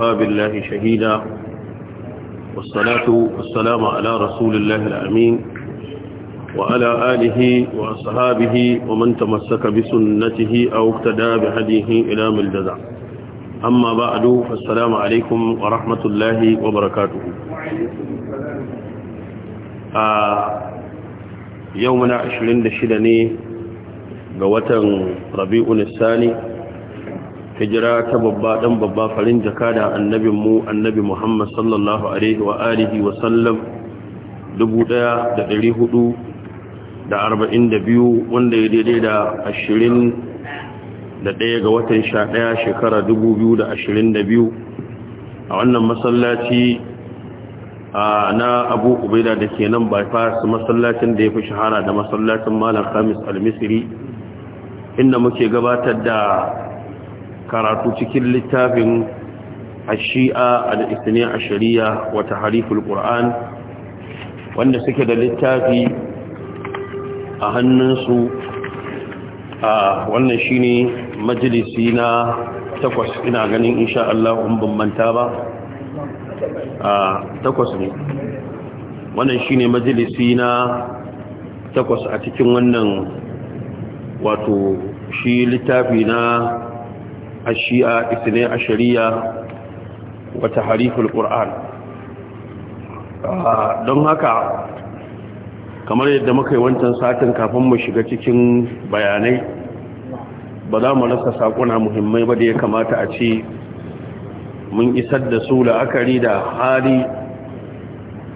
وكفى بالله شهيدا والصلاة والسلام على رسول الله الأمين وعلى آله وأصحابه ومن تمسك بسنته أو اقتدى بهديه إلى ملدزع أما بعد فالسلام عليكم ورحمة الله وبركاته آه يومنا عشرين دشدني قوة ربيع الثاني hijira ta babba dan babba farin jaka da annabin mu annabi Muhammad sallallahu alaihi wa alihi wa sallam 1442 wanda ya daidai da 20 da daya ga watan 11 shekara 2022 a wannan masallaci na abu ubaida da ke nan bypass masallacin da ya fi shahara da masallacin malam khamis al-misri inda muke gabatar da karatu cikin littafin ashi'a al-isni shari'a wa tahriful qur'an wanda suke da littafi a hannunsu a wannan shine majalisi na takwas ina ganin insha Allah in ban manta ba a takwas ne wannan shine majalisi na takwas a cikin wannan wato shi littafi na الشيعة اثنين عشرية وتحريف القرآن don haka kamar yadda muka yi wancan satin kafin mu shiga cikin bayanai ba za mu rasa sakuna muhimmai ba da ya kamata a ce mun isar da su la'akari da hali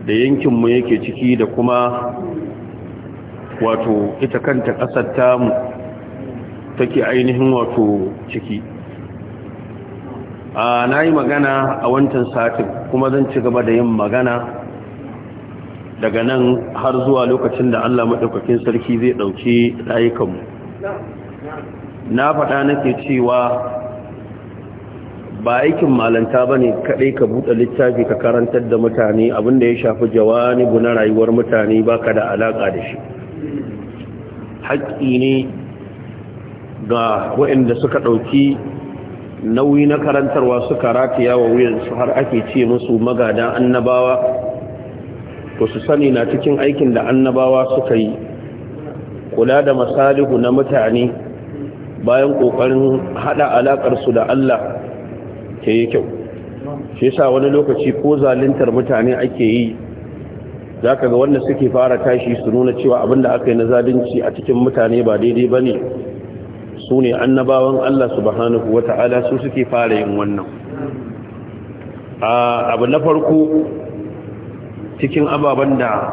da yankinmu yake ciki da kuma wato ita kanta ƙasar ta take ainihin wato ciki na yi magana a wancan satin kuma zan ci gaba da yin magana daga nan har zuwa lokacin da Allah maɗaukakin sarki zai ɗauki rayukanmu na faɗa nake cewa ba aikin malanta ba ne kaɗai ka buɗe littafi ka karantar da mutane abinda ya shafi jawani na rayuwar mutane ba ka da alaƙa da shi haƙƙi ne ga waɗanda suka ɗauki nauyi na karantarwa suka rataya wa wuyansu har ake ce musu magadan annabawa to su sani na cikin aikin da annabawa suka yi kula da masalihu na mutane bayan kokarin hada alakar da Allah ke yi kyau shi sa wani lokaci ko zaluntar mutane ake yi za ka ga wanda suke fara tashi su nuna cewa abinda aka yi na zalunci a cikin mutane ba daidai ba ne. su ne annabawan Allah subhanahu wa ta'ala su suke fara yin wannan abu na farko cikin ababen da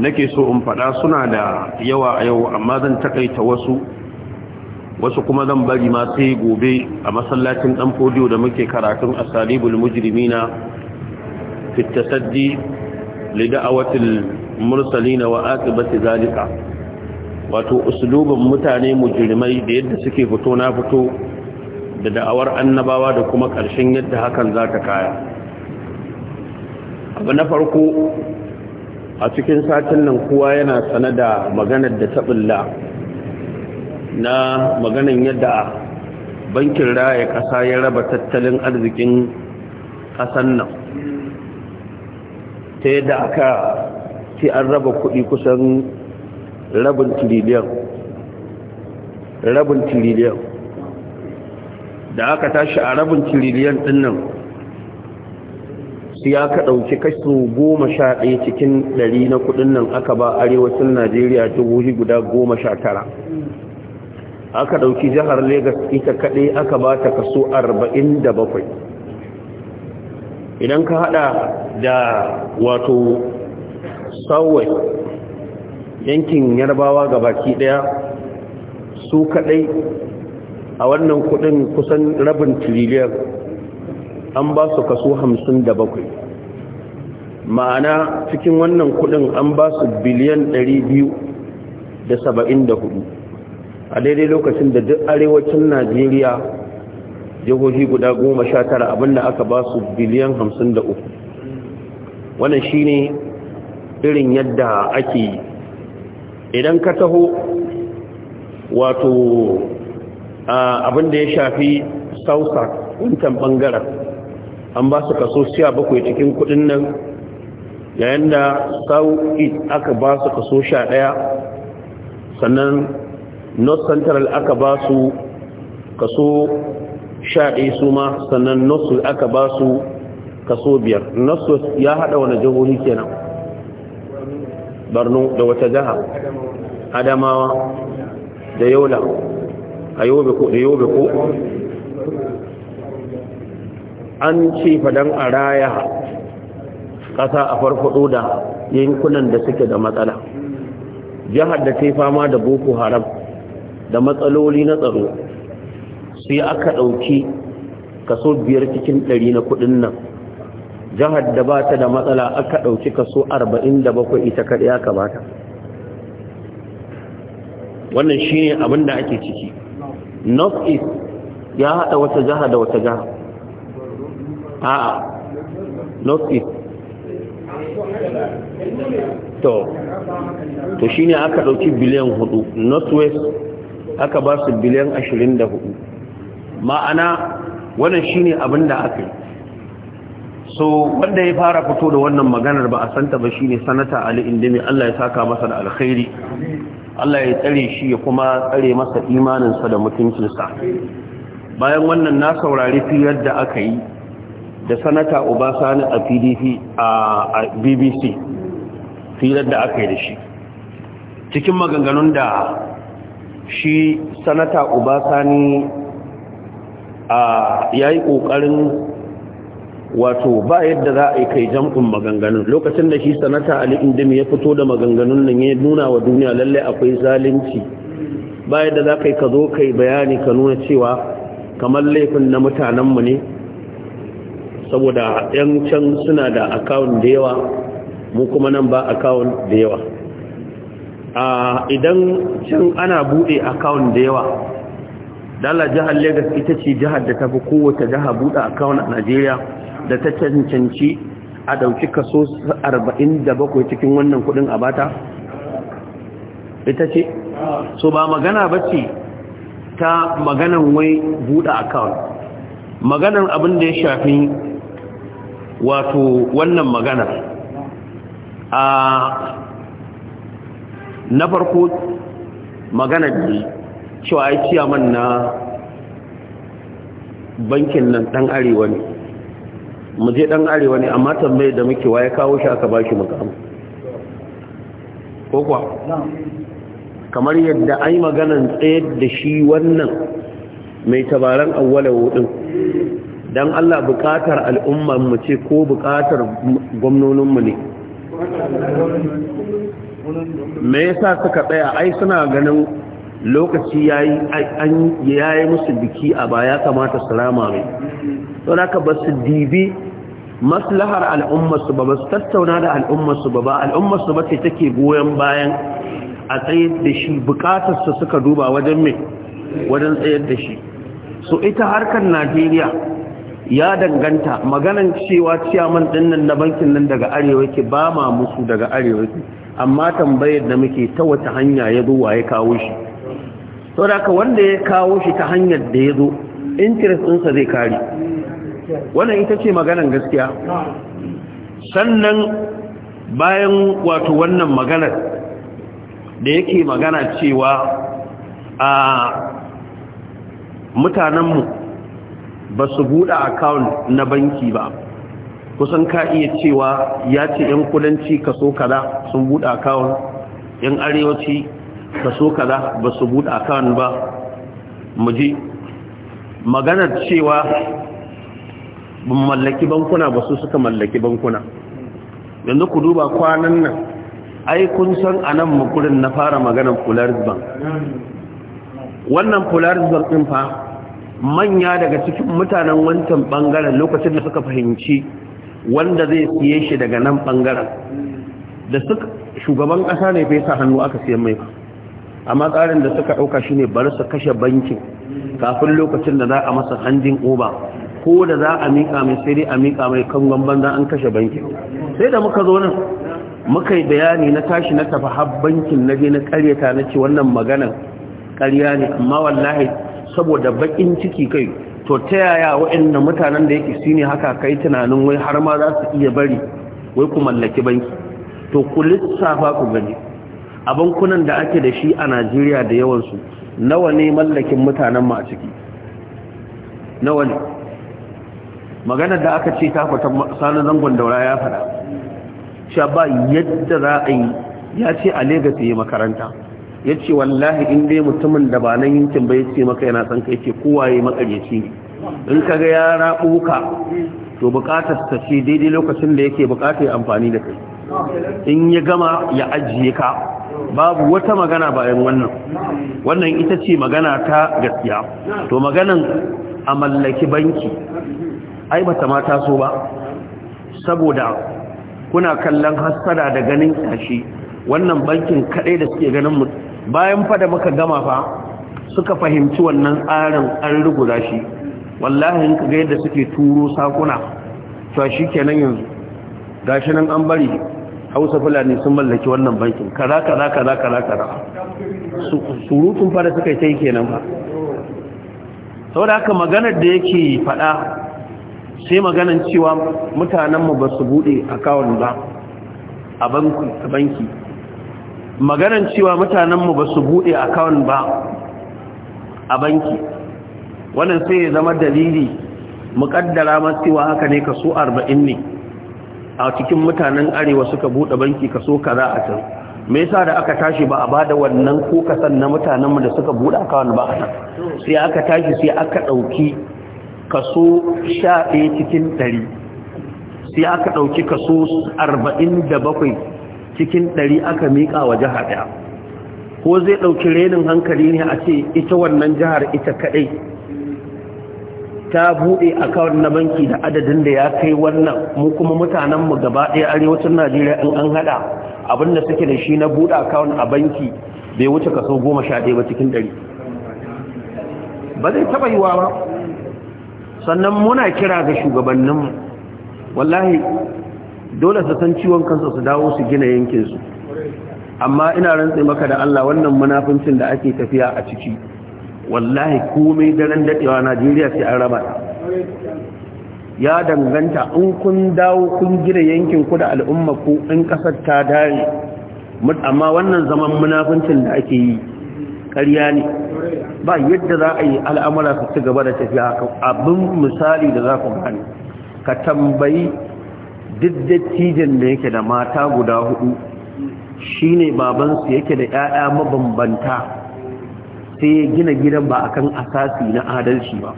nake so in faɗa suna da yawa a yau amma zan takaita wasu wasu kuma zan bari ma sai gobe a masallacin ɗan fodiyo da muke karatun asalibul mujrimina fi tasaddi li da'awatil mursalina wa aqibati zalika wato uslubin mutane mujrimai da yadda suke fito na fito da da'awar annabawa da kuma ƙarshen yadda hakan za ta kaya abu na farko a cikin satin nan kuwa yana sana da maganar da taɓilla na maganar yadda bankin raya ƙasa ya raba tattalin arzikin ƙasan nan ta yadda aka ce an raba kuɗi kusan rabin tiriliyan rabin tiriliyan da aka tashi a rabin tiriliyan dinnan ya aka ɗauki kaso goma sha ɗaya cikin ɗari na kuɗin nan aka ba arewacin najeriya jihohi guda goma sha tara aka ɗauki jihar Legas ita kaɗai aka ba ta kaso arba'in da bakwai idan ka haɗa da wato southwest yankin yarbawa ga baki daya su kadai a wannan kudin kusan rabin triliyar an ba su kaso hamsin da bakwai ma'ana cikin wannan kudin an ba su biliyan biyu da saba'in da hudu a daidai lokacin da duk arewacin najeriya jihohi guda goma sha tara abinda aka ba su biliyan hamsin da uku wannan shine irin yadda ake yi idan ka taho wato abin ya shafi sausa kuntan bangaren an ba su kaso siya bakwai cikin kudin nan yayin da sau'i aka ba su kaso sha daya sannan north central aka ba su kaso sha daya su ma sannan north aka ba su kaso biyar north ya hada wani jihohi kenan barno da wata jaha adamawa da yola a yobe an ce fadan a raya ƙasa a farfado da yankunan da suke da matsala jihar da ta fama da boko haram da matsaloli na tsaro sai aka ɗauki kaso biyar cikin ɗari na kuɗin nan jihar da ba ta da matsala aka ɗauki kaso 47 ita kaɗai ya kamata wannan shi ne abin da ake ciki north east ya haɗa wata jihar da wata jihar a'a north east to to shi ne aka ɗauki biliyan hudu north west aka ba su biliyan 24 ma'ana wannan shi ne abin da aka yi so wanda ya fara fito da wannan maganar ba a santa ba shine sanata Ali Indimi Allah ya saka masa da alkhairi Allah ya tsare shi ya kuma tsare masa imaninsa da mutuncinsa bayan wannan na saurari firar da aka yi da sanata Obasani a PDP a BBC firar da aka yi da shi cikin maganganun da shi sanata Obasani a yayi kokarin wato ba yadda za a yi kai jam'un maganganun lokacin da shi sanata ali indim ya fito da maganganun nan ya nuna wa duniya lalle akwai zalunci ba yadda za ka yi ka zo kai bayani ka nuna cewa kamar laifin na mutanenmu ne saboda yan can suna da akawun da yawa mu kuma nan ba akawun da yawa a idan can ana buɗe akawun da yawa dala jihar lagos ita ce jihar da ta fi kowace jiha buɗe akawun a najeriya da ta cancanci a ɗauki kaso 47 cikin wannan kudin a bata? ita ce? so ba magana ba ce ta maganan wai buɗe account maganan abin da ya shafi wato wannan magana a na farko magana ne cewa ai ciyaman na bankin nan ɗan arewa ne mu je dan arewa ne amma tambayar da muke ya kawo shi aka bashi makamu ko kuwa kamar yadda ai maganan tsayar da shi wannan mai tabaran awwalawo din dan Allah bukatar al'umman mu ce ko bukatar gwamnonin mu ne me yasa suka tsaya ai suna ganin lokaci ya yi musu biki a baya kamata su rama mai don haka ba su dibi maslahar al'ummarsu ba su tattauna da al'ummarsu ba ba al'ummarsu ba ce take goyon bayan a tsayar da shi bukatarsa suka duba wajen mai wajen tsayar da shi so ita harkar najeriya ya danganta maganan cewa ciyaman dinnan na bankin nan daga arewa yake ba ma musu daga arewa yake amma tambayar da muke ta wata hanya ya zo waye kawo shi Sau da aka wanda ya kawo shi ta hanyar da ya zo interest ɗinsa zai kari. wannan ita ce maganan gaskiya sannan bayan wato wannan maganar da yake magana cewa a mutanenmu ba su buɗe account na banki ba kusan ka iya cewa ya ce 'yan kudanci kaso kada sun buɗe account 'yan arewaci kaso kaza ba su buɗe kan ba mu ji maganar cewa ban mallaki bankuna ba su suka mallaki bankuna yanzu ku duba kwanan nan ai kun san a nan makurin na fara maganar polaris bank wannan polaris bank ɗin fa manya daga cikin mutanen wancan ɓangaren lokacin da suka fahimci wanda zai siye shi daga nan ɓangaren da suka shugaban ƙasa ne fesa hannu aka siyan mai ba amma tsarin da suka ɗauka shine bari su kashe bankin kafin lokacin da za a masa hanjin oba ko da za a miƙa mai sai dai a miƙa mai kangon banza an kashe bankin sai da muka zo nan muka yi bayani na tashi na tafi har bankin na je na ƙaryata na ce wannan maganan ƙarya ne amma wallahi saboda bakin ciki kai to ta yaya waɗanda mutanen da yake shine haka kai tunanin wai har ma za su iya bari wai ku mallaki banki to ku lissafa ku gani a bankunan da ake da shi a najeriya da yawansu nawa ne mallakin mutanen ma a ciki nawa ne maganar da aka ce ta fata sani zangon daura ya fada sha ba yadda za a yi ya ce a legas ya makaranta ya ce wallahi in dai mutumin da ba nan yankin bai ce maka yana san kai ke kowa ya makaryaci in ka ga yara raɓuka to buƙatar ta ce daidai lokacin da yake buƙatar amfani da kai in ya gama ya ajiye ka babu wata magana bayan wannan wannan ita ce magana ta gaskiya to maganan a mallaki banki ai bata ma taso ba saboda kuna kallon hassara da ganin kashi wannan bankin kadai da suke ganin mu bayan fa muka gama fa suka fahimci wannan tsarin an ruguza shi wallahi in ga yadda suke turo sakuna to shikenan yanzu gashi nan an bari hausa fulani sun mallaki wannan bankin kaza kaza kaza kaza kaza surutun fara suka yi ta yi kenan ba sau da haka maganar da yake faɗa sai maganar cewa mutanenmu ba su a akawun ba a banki maganar cewa mutanenmu ba su a akawun ba a banki wannan sai ya zama dalili muƙaddara masu cewa haka ne su arba'in ne a cikin mutanen arewa suka buɗe banki kaso kaza a can me yasa da aka tashi ba a bada wannan ko kasan na mutanenmu da suka buɗe akawun ba a nan sai aka tashi sai aka ɗauki kaso sha cikin ɗari sai aka ɗauki kaso arba'in da cikin ɗari aka mika wa jiha ɗaya ko zai ɗauki renin hankali ne a ce ita wannan jihar ita kaɗai ta buɗe kawar na banki da adadin da ya kai wannan mu kuma mutanenmu gaba ɗaya arewacin najeriya in an haɗa abinda suke da shi na buɗe akawun a banki bai wuce kaso goma sha ɗaya ba cikin ɗari ba zai taɓa yiwa ba sannan muna kira ga shugabanninmu wallahi dole su san ciwon kansa su dawo su gina yankinsu amma ina rantse maka da allah wannan munafincin da ake tafiya a ciki wallahi komai daren dadewa najeriya sai an raba ya danganta in kun dawo kun gina yankin ku da al'umma ku in kasar ta dare amma wannan zaman munafincin da ake yi ƙarya ne ba yadda za a yi al'amura su ci gaba da tafiya abin misali da za ku gani ka tambayi duk dattijan da yake da mata guda hudu shine babansu yake da 'ya'ya mabambanta sai ya gina gidan ba akan asasi na adalci ba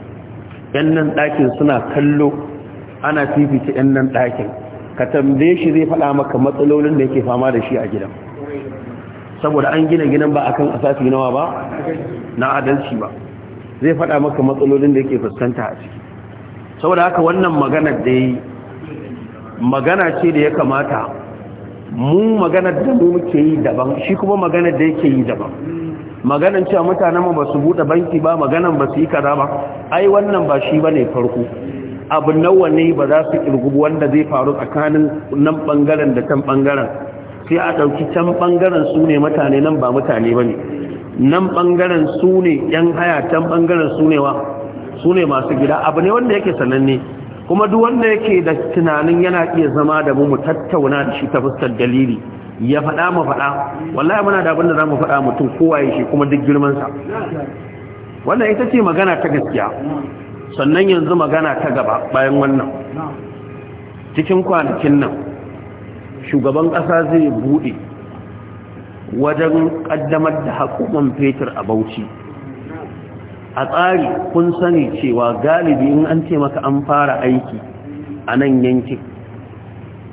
yan nan ɗakin suna kallo ana fifita yan nan ɗakin ka tambaye shi zai faɗa maka matsalolin da yake fama da shi a gidan saboda an gina gidan ba akan asasi nawa ba na adalci ba zai faɗa maka matsalolin da yake fuskanta a ciki saboda haka wannan magana da yi magana ce da ya kamata mu maganar da mu muke yi daban shi kuma maganar da yake yi daban maganan cewa mutanen ba su buɗe banki ba maganan ba su yi kaza ba ai wannan ba shi ba farko abu nawa ne ba za su kirgubu wanda zai faru tsakanin nan ɓangaren da can bangaren sai a ɗauki can ɓangaren su ne mutane nan ba mutane ba ne nan ɓangaren su ne ‘yan haya can ɓangaren su ne wa su ne masu gida abu ne wanda yake sananne kuma duk wanda yake da tunanin yana iya zama da mu mu tattauna da shi ta fuskar dalili ya faɗa ma faɗa wallahi muna da abin da za mu faɗa mutum kowa ya kuma duk girmansa wannan ita ce magana ta gaskiya sannan yanzu magana ta gaba bayan wannan cikin kwanakin nan shugaban ƙasa zai buɗe wajen ƙaddamar da haƙuman fetur a bauchi a tsari kun sani cewa galibi in an ce maka an fara aiki a nan yankin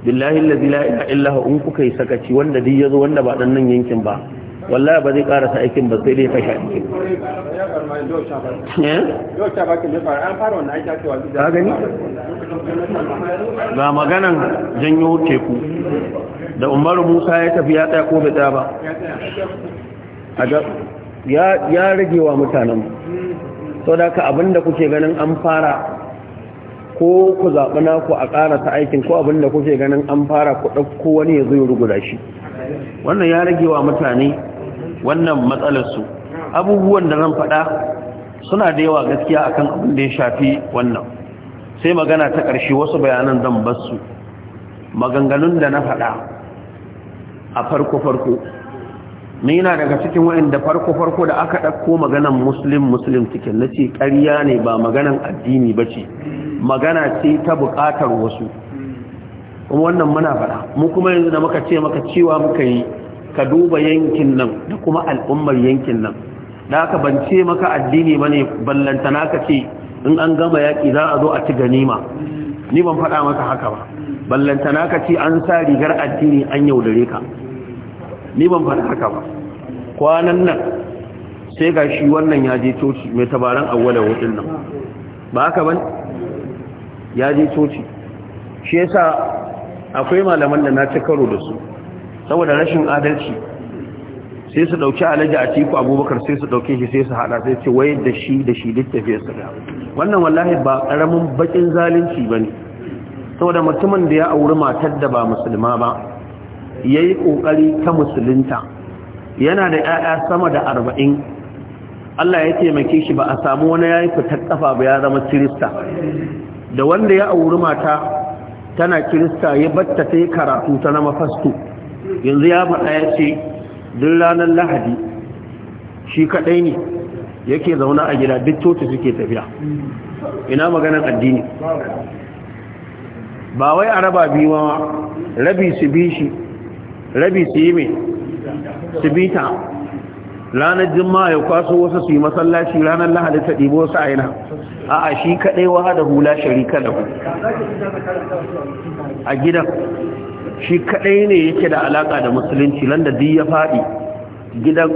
billahi allazi la ilaha illa hu in kuka yi sakaci wanda duk yazo wanda ba dan nan yankin ba wallahi ba zai karasa aikin ba sai dai ya sha aikin eh? ka gani ga maganan janyo teku da Umar musa ya tafi ya tsaya ko bai tsaya ba ya rage wa mutanen sau da ka abinda kuke ganin an fara ko ku zaɓi naku a ƙarasa aikin ko abinda kuke ganin an fara ku ɗauko wani ya zuyi ya ruguda shi wannan ya rage wa mutane wannan matsalarsu abubuwan da zan faɗa suna da yawa gaskiya akan abin da ya shafi wannan sai magana ta ƙarshe wasu bayanan zan basu maganganun da na faɗa a farko-farko ni yana daga cikin wa'anda farko-farko da aka ɗauko maganan muslim muslim cikin na ce ƙarya ne ba maganan addini ba ce magana ce ta buƙatar wasu kuma wannan muna faɗa mu kuma yanzu da muka ce maka cewa muka yi ka duba yankin nan da kuma al'ummar yankin nan da aka bance maka addini ba ne ballantana ka ce in an gama yaƙi za a zo a ci ganima ni ban faɗa maka haka ba ballantana ka ce an sa rigar addini an yaudare ka ni ban faɗi haka ba kwanan nan sai ga shi wannan ya je coci mai tabaran awwalar wadin nan ba haka ba ya je coci shi yasa akwai malaman da na ci karo da su saboda rashin adalci sai su dauki alaji a tiku abubakar sai su dauke shi sai su hada sai ce wai da shi da shi duk tafiya su da wannan wallahi ba karamin bakin zalunci ne. saboda mutumin da ya auri matar da ba musulma ba ya yi ƙoƙari ta musulunta yana da ƴaƴa sama da arba'in Allah ya taimake shi ba a samu wani ya yi fitar ƙafa ba ya zama kirista da wanda ya auri mata tana kirista ya batta ta yi karatu ta na fasto yanzu ya faɗa ya ce duk ranar lahadi shi kaɗai ne yake zauna a gida duk coci suke tafiya ina maganar addini ba wai a raba biyu rabi su bi shi rabi su yi mai su bita ranar jimma ya kwaso wasu su yi masallaci ranar lahadi ta ɗibo wasu a a a shi kaɗai wa da hula sharika da ku a gidan shi kaɗai ne yake da alaƙa da musulunci landa duk ya faɗi gidan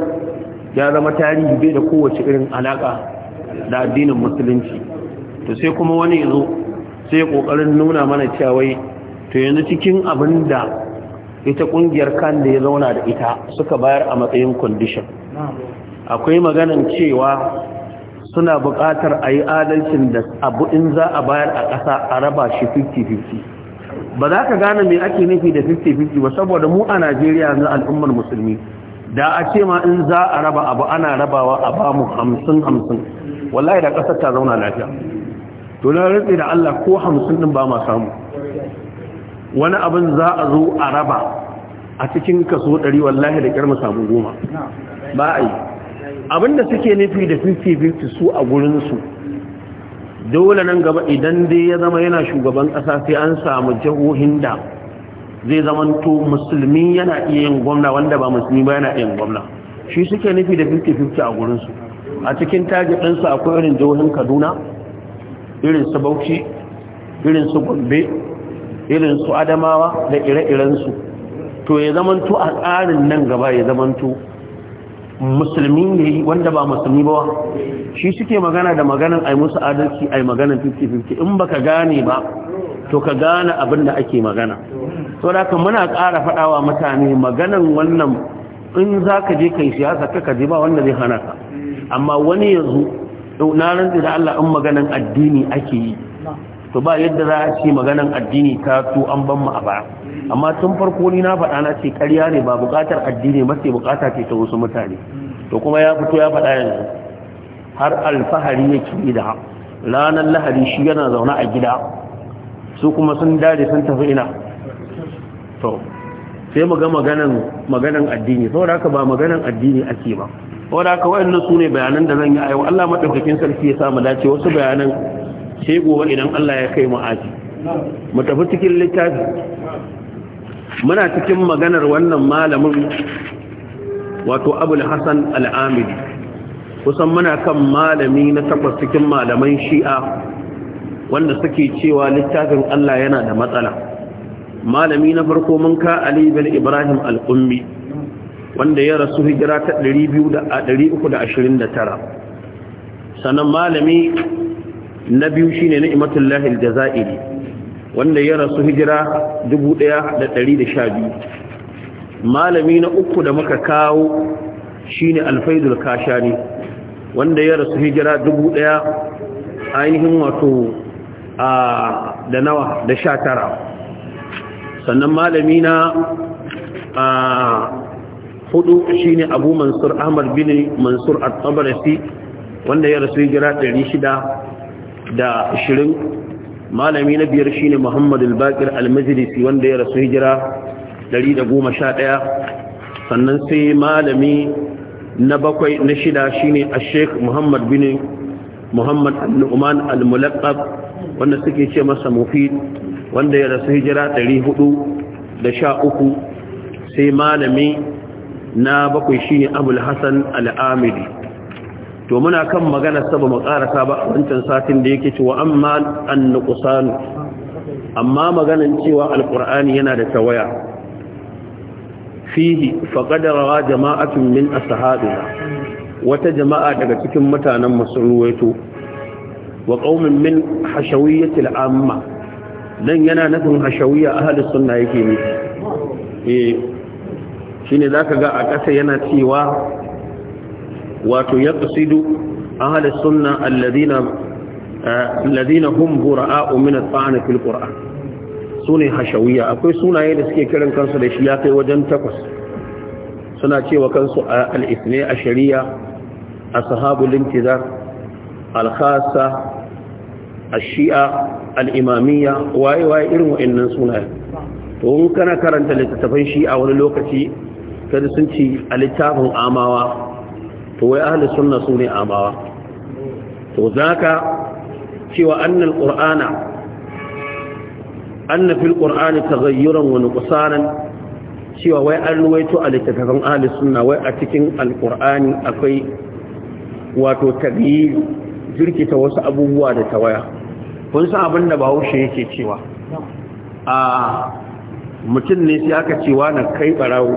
ya zama tarihi bai da kowace irin alaƙa da addinin musulunci to sai kuma wani ya zo sai ƙoƙarin nuna mana cewa to yanzu cikin abin da ita kungiyar kan da ya zauna da ita suka bayar a matsayin condition akwai maganin cewa suna buƙatar a yi adalcin da abu in za a bayar a ƙasa a raba shi 50-50 ba za ka gane mai ake nufi da 50-50 ba saboda mu a najeriya yanzu al'ummar musulmi da a ce ma in za a raba abu ana rabawa a ba mu 50-50 wallahi da ƙasar ta zauna lafiya to na rantsi da allah ko 50 din ba ma samu wani abin za a zo a raba a cikin kaso 100 wallahi da kyar mu samu goma ba a yi abinda suke nufi da 50-50 su a gurinsu dole nan gaba idan dai ya zama yana shugaban ƙasa sai an samu jahohin da zai to musulmi yana iya yin gwamna wanda ba musulmi ba yana iya yin gwamna shi suke nufi da 50-50 a gurinsu a cikin tajin ɗinsu akwai irin jahohin kaduna irin su bauchi irin su gombe irin su adamawa da ire-irensu to ya zamanto a tsarin nan gaba ya zamanto musulmi ne wanda ba musulmi ba shi suke magana da maganan ai musu adalci ai maganan 50-50 in baka gane ba to ka gane abin da ake magana to da muna ƙara faɗawa mutane maganan wannan in za ka je kai siyasa ka kaje ba wanda zai hana ka amma wani yanzu na rantsi da Allah in maganan addini ake yi to ba yadda za a ce maganan addini ta tu an ban mu a baya. amma tun farko ni na faɗa na ce ƙarya ne ba buƙatar addini ba ce buƙata ce ta wasu mutane to kuma ya fito ya faɗa yanzu har alfahari ya yake da ranar lahari shi yana zaune a gida su kuma sun dare sun tafi ina to sai mu ga maganan addini saboda haka ba maganan addini ake ba saboda haka wayannan su ne bayanan da zan yi a yau Allah madaukakin sarki ya sa mu dace wasu bayanan sai gobe idan Allah ya kai mu aji mu tafi cikin littafi muna cikin maganar wannan malamin wato abul hasan Al-Amili kusan muna kan malami na takwas cikin malaman shi'a wanda suke cewa littafin Allah yana da matsala malami na farko mun ka ali bin ibrahim al-ummi wanda ya rasu hijira ta 329 sannan malami na biyu shine ni'matul Lahil aljazairi wanda ya rasu hijira 1112 malami na uku da muka kawo shine alfaidul kashani wanda ya rasu hijira 1000 ainihin wato a da nawa da tara. sannan malami na a hudu shine abu mansur ahmad bin mansur al tabarisi wanda ya rasu hijira 600 da ashirin malami na biyar shine muhammad al-bakir al-majlisi wanda ya rasu hijira 111 sannan sai malami na bakwai na shida shine al-sheikh muhammad bin muhammad al-nu'man al-mulaqab wanda suke ce masa mufid wanda ya rasu hijira 413 sai malami na bakwai shine abul Hassan al amidi to muna kan magana saboda mu karasa ba wancan satin da yake cewa amma an-nuqsan amma maganan cewa alqur'ani yana da tawaya fihi faqad rawa jama'atun min ashabina wata jama'a daga cikin mutanen masurwaito wa qaumin min hashawiyyati al dan yana nufin hashawiyya ahli sunna yake ne eh shine zaka ga a ƙasa yana cewa wato yaqsidu ahli sunna alladhina eh, alladhina hum bura'a'u min at-ta'n Su ne sune akwai sunaye da suke kiran kansu da shi ya kai wajen takwas suna cewa kansu eh, a ithni shari'a ashabul intizar al-khassa a shia al-imamiyya waye waye irin wa'annan sunaye to in kana karanta littattafan shi'a wani lokaci kada sun ci a littafin amawa to wai ahli sunna su ne amawa to zaka cewa annal qur'ana anna fil qur'ani taghayyuran wa nuqsanan cewa wai an ruwaito a littattafan ahli sunna wai a cikin alqur'ani akwai wato tabiyi jirkita wasu abubuwa da tawaya kun san abin da bahaushe yake cewa a mutum ne sai aka cewa na kai barawo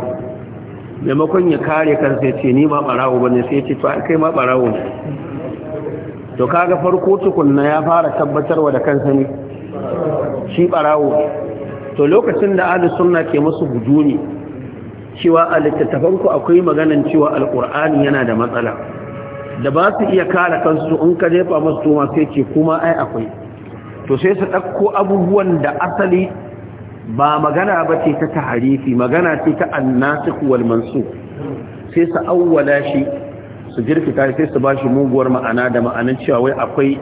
maimakon ya kare kansa ya ce ni ma barawo bane sai ce to kai ma barawo to kaga farko tukunna ya fara tabbatarwa da kansa ne shi barawo to lokacin da ahli sunna ke musu hujumi cewa a littattafan akwai maganan cewa alqur'ani yana da matsala da ba su iya kare kansu in ka jefa musu ma sai ce kuma ai akwai to sai su ɗauko abubuwan da asali ba magana ba ce ta taharifi magana ce ta annasikh wal mansukh sai su awwala shi su jirkita sai su ba shi muguwar ma'ana da ma'anan cewa wai akwai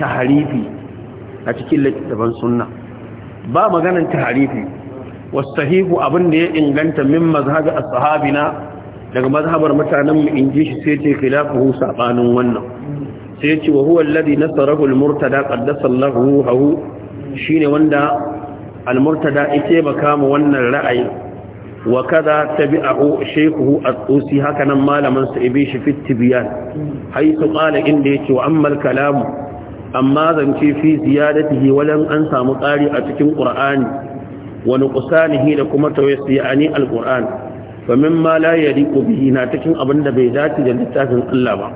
taharifi a cikin littattafan sunna ba maganan taharifi wasahihu abin da ya inganta min mazhabi ashabina daga mazhabar mutanen mu inji shi sai ce khilafuhu sabanin wannan sai ce wa huwa alladhi nasarahu al-murtada qaddasa Allahu shine wanda al-murtada ite ba kama wannan ra'ayi wa kaza tabi'ahu a at-tusi haka nan malaman sa ibi shi fi tibyan haythu qala inda yake wa amma al-kalam amma zance fi ziyadatihi walan an samu tsari a cikin qur'ani wa nuqsanihi da kuma tawassiyani ani al-qur'an fa mimma la yadiqu bihi na cikin abinda bai dace da littafin Allah ba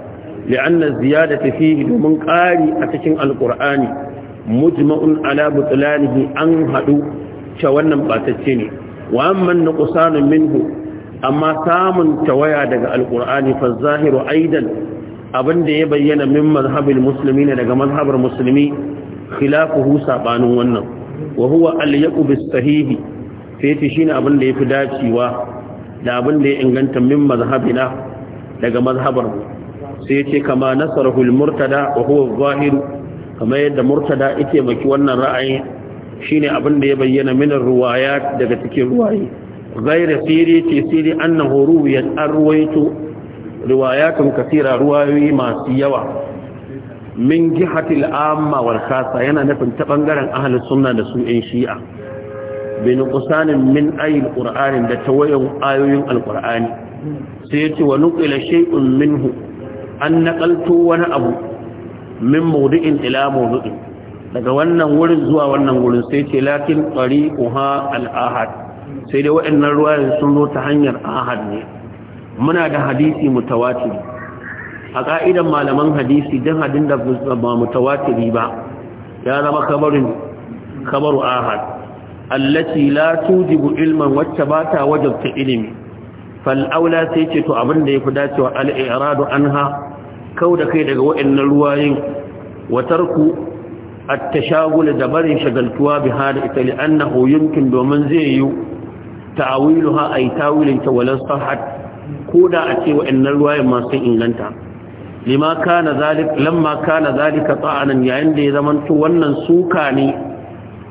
li'anna ziyadati fihi domin qari a cikin al-qur'ani mujma'un ala butlanihi an hadu ce wannan batacce ne wa amman nuqsanu minhu amma samun tawaya daga alqur'ani fa zahiru aidan abinda ya bayyana min mazhabil muslimin daga mazhabar muslimi khilafuhu sabanin wannan wa huwa al-yaqu bis sahihi sai ta shine abinda yafi dacewa da abinda ya inganta min mazhabina daga mazhabar sai ce kama nasarahul murtada wa huwa zahiru kamar yadda murtada ita maki wannan ra'ayi shine abin da ya bayyana min ruwaya daga cikin ruwayi ghayra siri ce siri annahu ruwiyat arwaytu riwayatun kathira ruwayoyi masu yawa min jihati al-amma wal khassa yana nufin ta bangaren ahli sunna da su in shi'a bin qusanin min ayil qur'anin da tawayyun ayoyin alqur'ani sai yace wa nuqila shay'un minhu an naqaltu wani abu min mawdu'in ila mawdu'in daga wannan wurin zuwa wannan wurin sai ce lakin tariquha al-ahad sai dai waɗannan ruwayoyin sun zo ta hanyar ahad ne muna da hadisi mutawatiri a ka'idar malaman hadisi dan hadin da ba mutawatiri ba ya zama kabarin kabaru ahad allati la tujibu ilman wacce ba ta wajabta ilimi fal aula sai ce to abin da yafi dacewa al-i'radu anha kau da kai daga waɗannan ruwayin watarku tarku at-tashagul da barin shagaltuwa bi hada ita li annahu yumkin domin zai yi ta'awiluha ay tawilin walan sahat koda a ce waɗannan ruwayin ma sun inganta lima kana zalik lamma kana zalika ta'anan yayin da ya zamanto wannan suka ne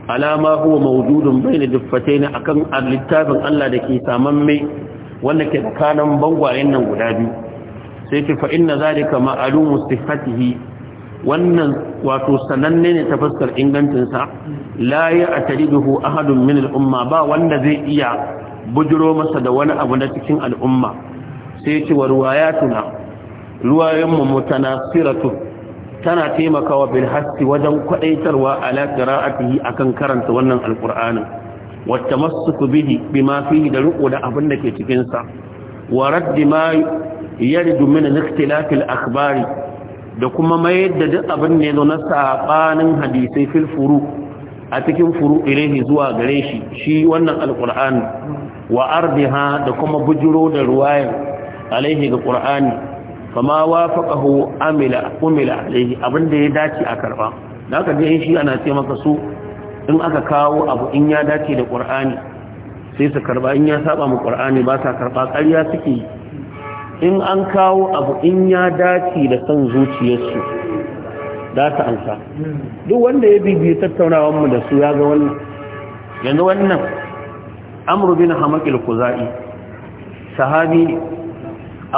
alama huwa mawjudun bayna duffatayn akan al-littafin Allah dake samamme wanda ke tsakanin bangwayen nan guda biyu sai ce fa inna zalika ma'lumu sihhatihi wannan wato sananne ne ta fuskar ingancin sa la ya'tariduhu ahadun min al-umma ba wanda zai iya bujiro masa da wani abu na cikin al'umma sai ce wa ruwayatuna ruwayanmu mutanasiratu tana taimakawa bil hasti wajen kwadaitarwa ala qira'atihi akan karanta wannan alqur'anin wa tamassuku bihi bima fihi da ruku da abin da ke cikin sa wa ma yaridu min al-ikhtilaf al da kuma mayar da duk abin ne na sabanin hadisai fil furu a cikin furu ilaihi zuwa gare shi shi wannan alqur'ani wa ardiha da kuma bujiro da ruwayar alaihi ga qur'ani fama wafaqahu amila umila alaihi abin da ya dace a karba da aka ga shi ana ce maka su in aka kawo abu in ya dace da qur'ani sai su karba in ya saba mu qur'ani ba sa karba ƙarya suke in an kawo abu in ya dace da san zuciyarsu za ta ansa duk wanda ya bibiye tattaunawanmu da su ya ga wannan yanzu wannan amru bin hamakil kuza'i sahabi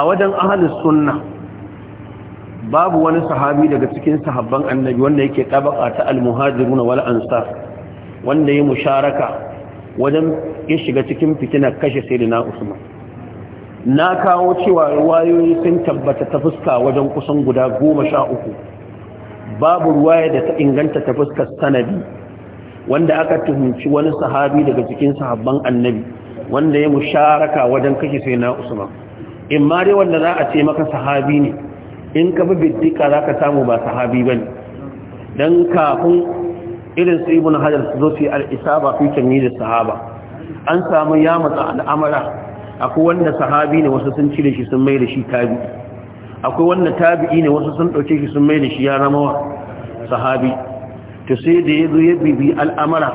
a wajen ahalus sunna babu wani sahabi daga cikin sahabban annabi wanda yake tabaka ta almuhajiruna wal ansar wanda ya musharaka wajen ya shiga cikin fitinar kashe sayyidina usman na kawo cewa wayoyi sun tabbata ta fuska wajen kusan guda goma sha uku babu ruwaya da ta inganta ta fuskar sanadi wanda aka tuhumci wani sahabi daga cikin sahabban annabi wanda ya musharaka wajen kashe sai na usman in ma dai wanda za a ce maka sahabi ne in ka bi biddika za ka samu ba sahabi ba ne don kafin irin su ibn hajar su zo su yi al'isa, ba fi da sahaba an samu ya matsa al'amara akwai wanda sahabi ne wasu sun cire shi sun mai da shi tabi akwai wanda tabi'i ne wasu sun dauke shi sun mai da shi ya zama sahabi to sai da yazo ya bibi al'amara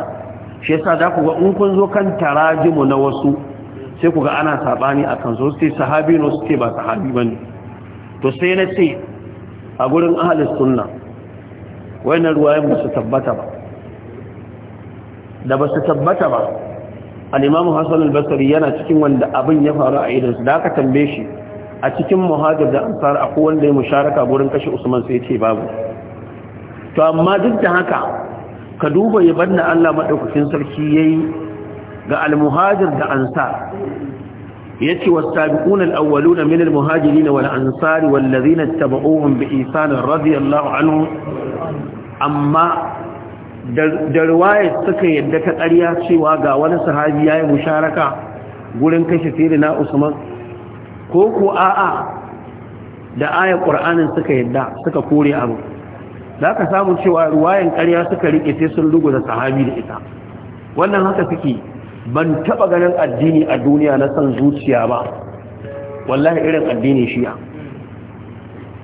shi yasa da ku ga in kun zo kan tarajimu na wasu sai ku ga ana sabani akan su sai sahabi ne su ce ba sahabi bane to sai na ce a gurin ahli sunna wayannan ruwayan ba su tabbata ba da ba su tabbata ba al Hassan al-basri yana cikin wanda abin ya faru a idan su da aka tambaye shi a cikin muhajir da ansar akwai wanda ya musharaka gurin kashe usman sai ce babu to amma duk da haka ka duba ya da Allah maɗaukacin sarki yayi ga al-muhajir da ansar yace was-sabiquna al-awwaluna min muhajiri, na wani ansari wal-ladhina ittaba'uuhum bi ihsan radiyallahu anhu amma da ruwaya suka yadda ta ƙarya cewa ga wani sahabi ya yi musharaka gurin kashe fere na usman ko ku a'a da ayar ƙur'anin suka yadda suka kore abu za ka samu cewa ruwayan ƙarya suka riƙe sai sun rugu da sahabi da ita wannan haka suke ban taɓa ganin addini a duniya na san zuciya ba wallahi irin addini shiya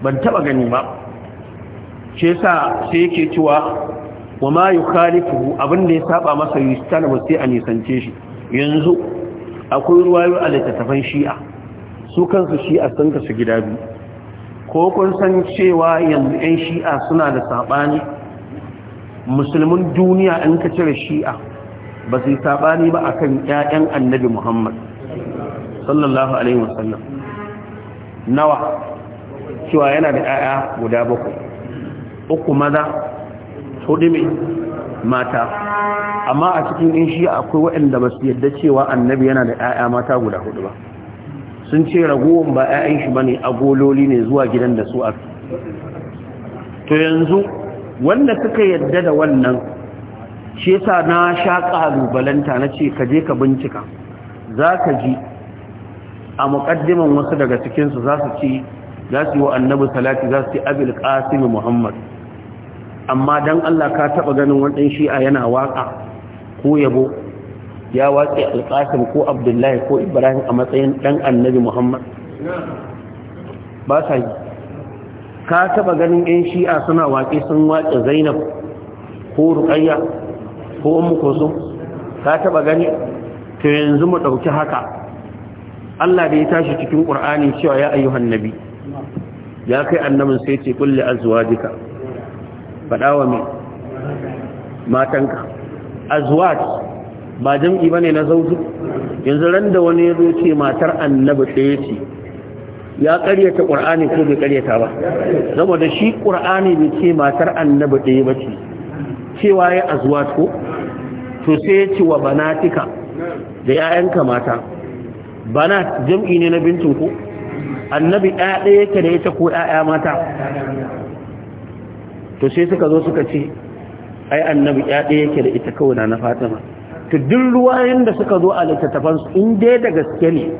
ban taɓa gani ba shi sa sai yake cewa wa ma yukhalifu abin da ya saba masa yustanabu wasi a nisance shi yanzu akwai ruwayo a littattafan shi'a su kansu shi'a sun kasu gida biyu ko kun san cewa yanzu 'yan shi'a suna da saɓani musulmin duniya in ka cire shi'a ba su yi saɓani ba akan 'ya'yan annabi muhammad sallallahu alaihi wasallam nawa cewa yana da 'ya'ya guda bakwai uku maza hudu mai mata amma a cikin in shi akwai waɗanda ba su yadda cewa annabi yana da 'ya'ya mata guda hudu ba sun ce ragowar ba 'ya'yan shi ba ne agololi ne zuwa gidan da su aka to yanzu wanda suka yadda da wannan shi yasa na sha ƙalubalanta na ce ka je ka bincika za ka ji a muƙaddiman wasu daga cikinsu za su ce za su yi wa annabi salati za su ce abil ƙasimi muhammad amma dan Allah ka taba ganin wani shi'a yana waka ko yabo ya waƙe alƙasim ko abdullahi ko ibrahim a matsayin ɗan annabi muhammad ba sa yi ka taba ganin 'yan shi'a suna waƙe sun waƙe zainab ko ruƙayya ko umu koso ka taba gani to yanzu mu ɗauki haka allah da ya tashi cikin ƙur'ani cewa ya ayyuhan nabi ya kai annabin sai ce kulle azuwa jika faɗa wa mai matanka azwat ba jam'i ba ne na zauji yanzu ran da wani ya zo ce matar annabi ɗaya ce ya ƙaryata ƙur'ani ko bai ƙaryata ba zama da shi ƙur'ani bai ce matar annabi ɗaya ba ce cewa ya azwat ko to sai ya ce wa banatika da 'ya'yanka mata banat jam'i ne na bintin ko annabi ɗaya ɗaya ka da ita ko 'ya'ya mata to sai suka zo suka ce ai annabi ya ɗaya yake da ita kawai na fatima to duk ruwa da suka zo a littattafan su in dai da gaske ne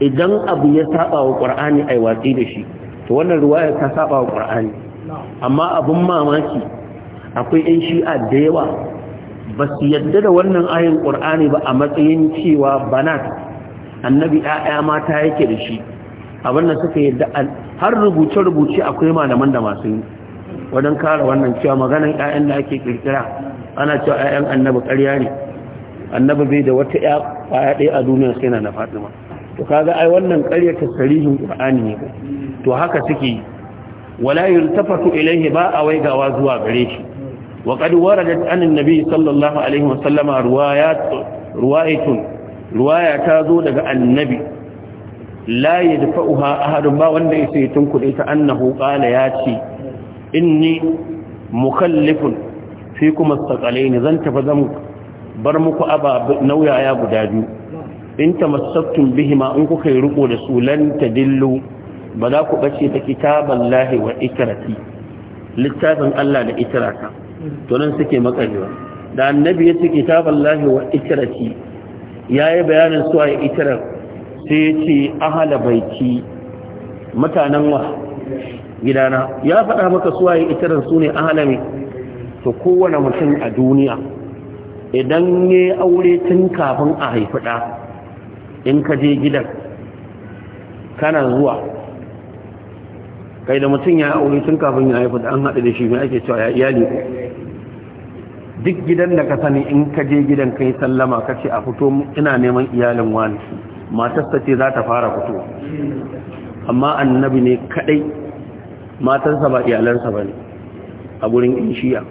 idan abu ya saba wa qur'ani ai watsi da shi to wannan ruwa ta saba wa qur'ani amma abun mamaki akwai ɗan shi'a da yawa ba su yadda da wannan ayin qur'ani ba a matsayin cewa banat annabi ya'ya mata yake da shi abin da suka yadda har rubuce-rubuce akwai malaman da masu yi wajen kare wannan cewa maganan ƴaƴan da ake kirkira ana cewa ƴaƴan annabi ƙarya ne annabi bai da wata ƴa ƙwaya ɗaya a duniya sai na na fatima to kaga ai wannan karya ta sarihin qur'ani ne to haka suke wala yultafatu ilayhi ba a waigawa zuwa gare shi wa qad waradat an annabi sallallahu alaihi wa sallama riwayat riwayatun riwaya ta zo daga annabi la yadfa'uha ahadun ba wanda yake tunkuɗe ta annahu qala ya ce inni mukallifun fi kuma ne zan tafi zan bar muku aba nauyaya guda biyu in bihi bihima in kuka yi riko da su lan ba za ku bace ta kitaban lahi wa ikrati littafin Allah da ikrata to nan suke makarewa da annabi ya ce kitaban lahi wa ya yayi bayanin su a ikrar sai ya ce ahla baiti mutanen wa gidana ya faɗa maka suwaye itiran su ne ahalami to kowane mutum a duniya idan ya aure tun kafin a haifi ɗa in ka je gidan kana zuwa kai da mutum ya aure tun kafin ya haifi ɗa an haɗu da shi mai ake cewa ya iyali duk gidan da ka sani in ka je gidan kai sallama ka ce a fito ina neman iyalin wani matarsa ce za ta fara fito amma annabi ne kaɗai matansa ba iyalansa ba ne a gurin in shiya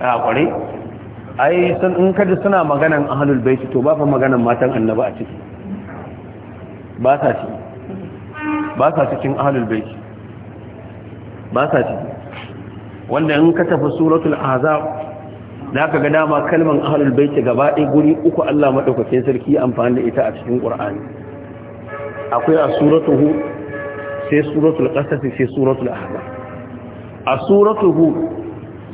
a kware ai sun in kaji suna maganan bai baiti to ba fa maganan matan annaba a ciki ba sa ciki ba sa cikin ahlul baiti ba sa ciki wanda in ka tafi suratul azab da ka ga dama kalman ahlul baiti gaba ɗaya guri uku Allah madaukakin sarki amfani da ita a cikin Ƙur'ani. akwai a suratul sai suratul qasas sai suratul ahzab a suratul hud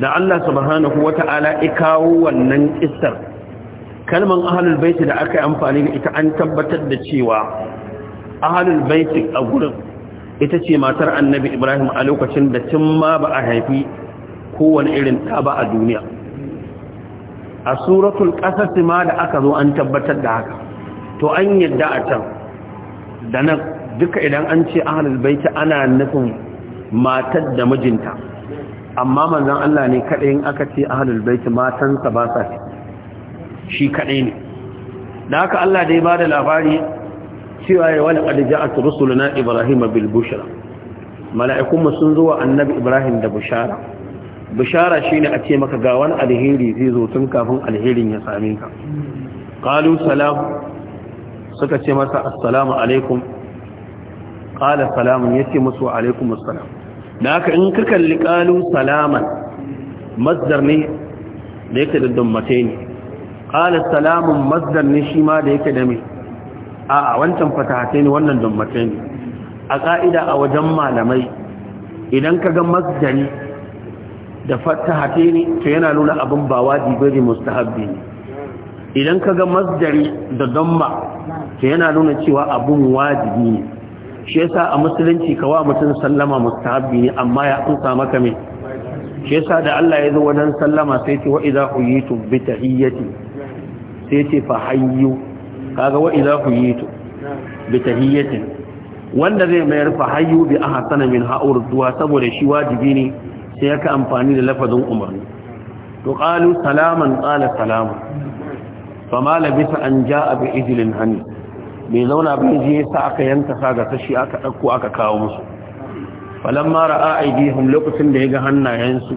da Allah subhanahu wata'ala ya kawo wannan kissar kalman ahlul bait da aka yi amfani da ita an tabbatar da cewa ahlul bait a gurin ita ce matar annabi Ibrahim a lokacin da tun ma ba a haifi kowane irin ta ba a duniya a suratul qasas ma da aka zo an tabbatar da haka to an yadda a can da nan duka idan an ce ahlul baiti ana nufin matar da mijinta amma manzon Allah ne kadai in aka ce ahlul baiti matansa ba sa shi kadai ne da haka Allah dai ba da labari cewa ya wani ƙadija'at rusuluna Ibrahim bil bushra mala'ikunmu sun zo wa annabi Ibrahim da bushara bushara shine a ce maka ga wani alheri zai zo tun kafin alherin ya same ka qalu salam suka ce masa assalamu alaikum qala salamun yace musu alaikum assalam da haka in ka kalli qalu salaman masdar ne da yake da dummate ne qala salamun masdar ne shi ma da yake da me a a wancan fatahate ne wannan dummate ne a ka'ida a wajen malamai idan ka ga masdari da fatahate ne to yana nuna abin ba wajibi ne mustahabbi ne idan ka ga masdari da damma to yana nuna cewa abun wajibi ne shi yasa a musulunci kawa mutum sallama mustahabbi ne amma ya amsa maka me shi yasa da Allah ya zo wajen sallama sai ce wa idza huyitu bi tahiyyati sai ce fa hayyu kaga wa idza huyitu bi tahiyyati wanda zai mayar fa hayyu bi ahsana min ha'ur duwa saboda shi wajibi ne sai yaka amfani da lafazin umarni to qalu salaman qala salaman fama labisa an jaa bi ijlin hani Mai zauna bai je sa aka yanka sa ga kashi aka ɗauko aka kawo musu Falon mara a lokacin da ya ga hannayensu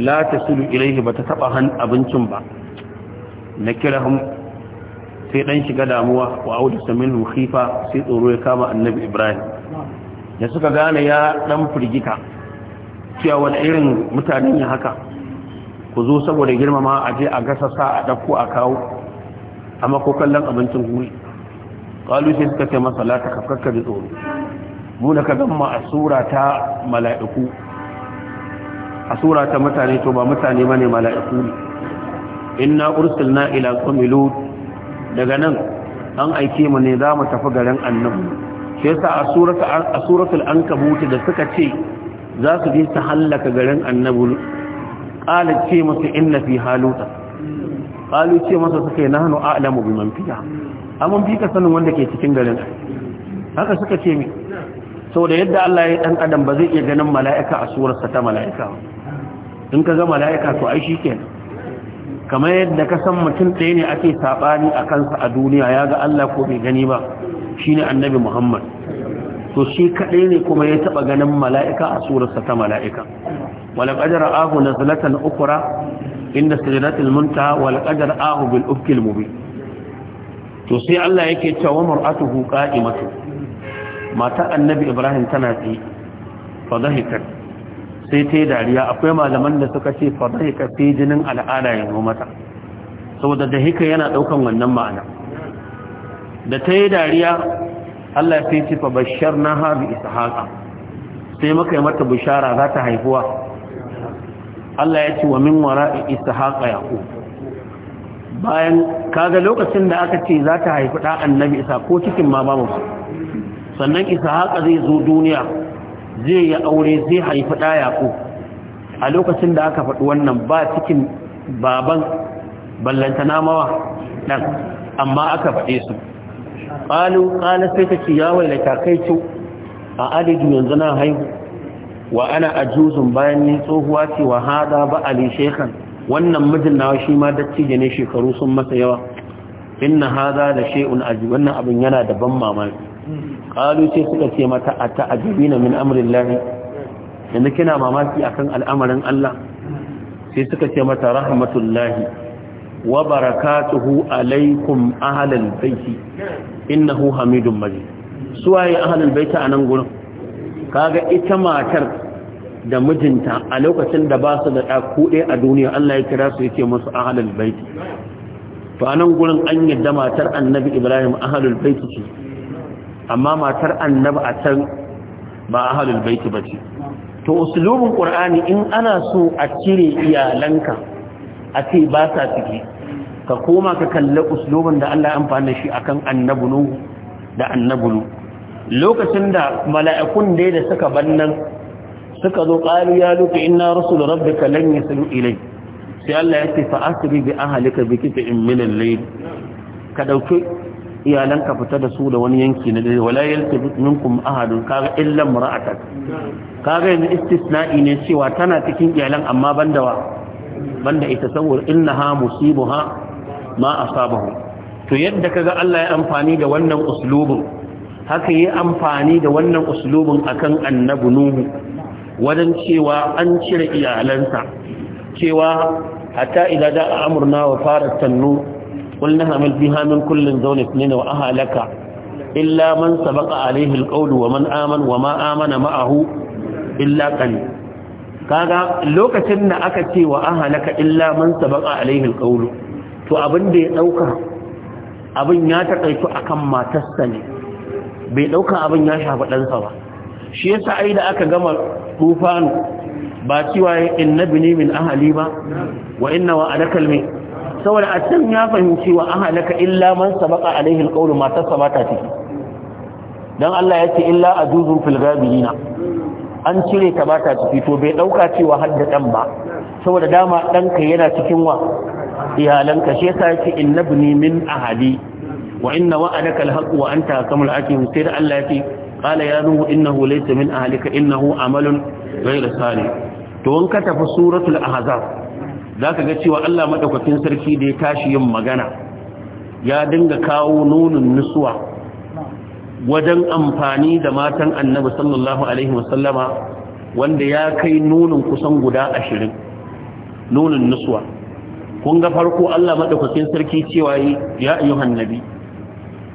la ta ilaihi ba ta taɓa abincin ba na kira hun sai ɗan shiga damuwa wa auda samin khifa sai tsoro ya kama annabi ibrahim da suka gane ya ɗan firgita cewa wani irin mutanen ya haka ku zo saboda girmama a je a gasa sa a ɗauko a kawo amma ko kallon abincin guri qalu sai suka ce masa la takaffaka bi tsoro mu da ka zama a sura ta mala'iku a sura ta mutane to ba mutane bane mala'iku ne inna ursilna ila qaumi lut daga nan an aike mu ne za mu tafi garin annabi shi yasa a surata a suratul ankabut da suka ce za su je su hallaka garin annabi qala ce musu inna fi haluta qalu ce masa suka nahnu a'lamu biman fiha amon bi ka sanin wanda ke cikin garin haka suka ce mi sau da yadda Allah ya dan adam ba zai iya ganin mala'ika a surarsa ta mala'ika in ka ga mala'ika to ai shi kenan kamar yadda ka san mutum ɗaya ne ake saɓani a kansa a duniya ya ga Allah ko bai gani ba shine annabi Muhammad to shi kaɗai ne kuma ya taɓa ganin mala'ika a surarsa ta mala'ika walƙadar ahu na zalatan ukura inda sajadatul munta walƙadar ahu bil ufkil mubin to sai Allah yake cewa mar'atuhu qa'imatu mata annabi Ibrahim tana ci fa sai ta dariya akwai malaman da suka ce fa dhahikat jinin al'ada ya zo mata saboda da hika yana daukan wannan ma'ana da tayi yi dariya Allah sai ce fa basharnaha bi ishaqa sai muka yi mata bishara za ta haifuwa Allah ya ce wa min wara'i ishaqa yaqub bayan kaga lokacin da aka ce za ta haifi ɗa annabi isa ko cikin ma ba sannan isa haka zai zo duniya zai yi aure zai haifi ɗa yaƙo a lokacin da aka faɗi wannan ba cikin baban ballantana mawa ɗan amma aka faɗe su ƙalu ƙala sai ta ce yawon da takaicu a adadi yanzu na haihu wa ana ajuzun bayan ni tsohuwa ce wa hada ba ali shekan wannan mijin nawa shi ma dattijo ne shekaru sun masa yawa inna hadha la shay'un ajib wannan abin yana da ban mamaki qalu sai suka ce mata ata'ajibina min amrillahi yanzu kina mamaki akan al'amarin Allah sai suka ce mata rahmatullahi wa barakatuhu alaikum ahlal baiti innahu hamidum majid suwaye ahlal baiti anan gurin kaga ita matar da mijinta a lokacin da ba su da ɗaku a duniya Allah ya kira su yake masu ahalul baiti to anan gurin an yadda matar annabi Ibrahim ahalul baiti ce amma matar annabi a can ba ahalul baiti ba ce to usulubin qur'ani in ana so a cire iyalanka a ce ba sa ciki ka koma ka kalli usulubin da Allah ya amfana shi akan annabi da annabi lokacin da mala'ikun da suka bannan suka zo ƙari ya lutu inna rasul rabbika lan yasilu ilay sai Allah ya ce fa asri bi ahlika bi kitabin min al-layl ka dauki iyalanka fita da su da wani yanki na dare wala yaltabit minkum ahadun kaga illa Ka kaga yanzu istisna'i ne cewa tana cikin iyalan amma banda wa banda ita ha innaha ha, ma asabahu to yadda ka ga Allah ya amfani da wannan uslubin haka yi amfani da wannan uslubin akan annabi nuhu wajen cewa an cire iyalansa cewa hatta idan da a amurna wa fara sannu ƙulna hamil biha min kullum zaune ne wa ahalaka illa man sabaka alaihi alƙaulu wa man aman wa ma amana ma'ahu illa ƙali kaga lokacin da aka ce wa ahalaka illa man sabaka alaihi alƙaulu to abin da ya ɗauka abin ya taƙaito a kan matarsa ne bai ɗauka abin ya shafi ɗansa ba shi yasa ai da aka gama tufanu ba cewa innabi ne min ahali ba wa inna wa alakal mai saboda a can ya fahimci wa ahalaka illa man sabaka alaihi alqawlu ma tasabata ti dan Allah ya ce illa ajuzun fil ghabirina an cire ta ba ta ciki to bai dauka cewa har da ba saboda dama danka yana cikin wa iyalanka shi yasa yake innabni min ahali wa inna wa'adaka alhaq wa anta kamul akim sai da Allah ya ce qala ya nuhu innahu laysa min ahlika innahu amalun ghayr salih to in ka tafi suratul ahzab zaka ga cewa Allah madaukakin sarki da ya tashi yin magana ya dinga kawo nunun nusuwa wajen amfani da matan annabi sallallahu alaihi wasallama wanda ya kai nunin kusan guda ashirin nunin nusuwa kun ga farko Allah madaukakin sarki cewa ya ayyuhan nabi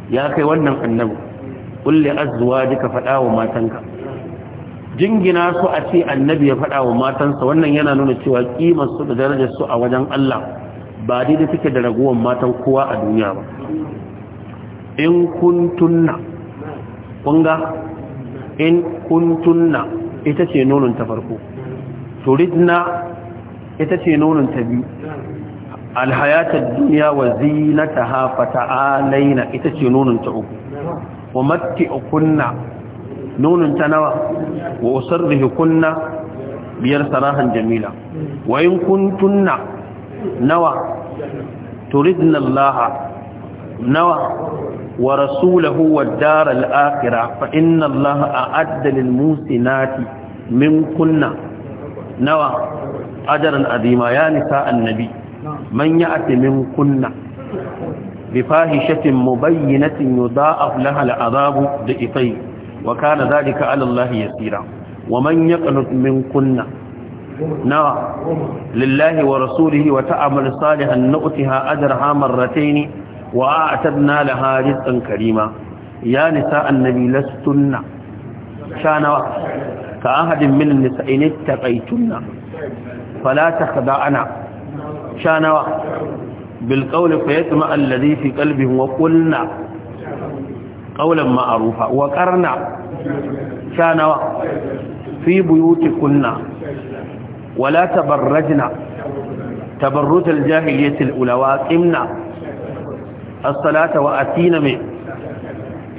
ya kai wannan annabi kulli azwajika fada wa matanka jingina su a ce annabi ya faɗawa wa matansa wannan yana nuna cewa kimar su da darajar su a wajen Allah ba daidai take da raguwar matan kowa a duniya ba in kuntunna kunga in kuntunna ita ce nonon ta farko turidna ita ce nonon ta biyu alhayatar duniya wa zinataha alaina ita ce nonon ta uku wa matti'ukunna nunun ta nawa wa usarrihukunna biyar sarahan jamila wa in kuntunna nawa turidna allaha nawa wa rasulahu wad daral akhirah fa inna allaha a'adda lil musinati minkunna nawa ajran azima ya nisa annabi man ya'ti minkunna bifahishatin mubayyinatin yudha'af laha al'adabu da itai wa kana zalika 'ala Allah yasira wa man yaqnut kunna nawa lillahi wa rasulihi wa ta'amal salihan nu'tiha ajraha marratayn wa a'tadna laha rizqan karima ya nisa annabi lastunna shanawa ka ahadin min an-nisa'in taqaytunna fala takda'ana shanawa بالقول فيتمع الذي في قلبه وقلنا قولا معروفا وقرنا شانوا في بيوتكن ولا تبرجنا تبرج الجاهلية الأولى وأقمنا الصلاة وأتينا من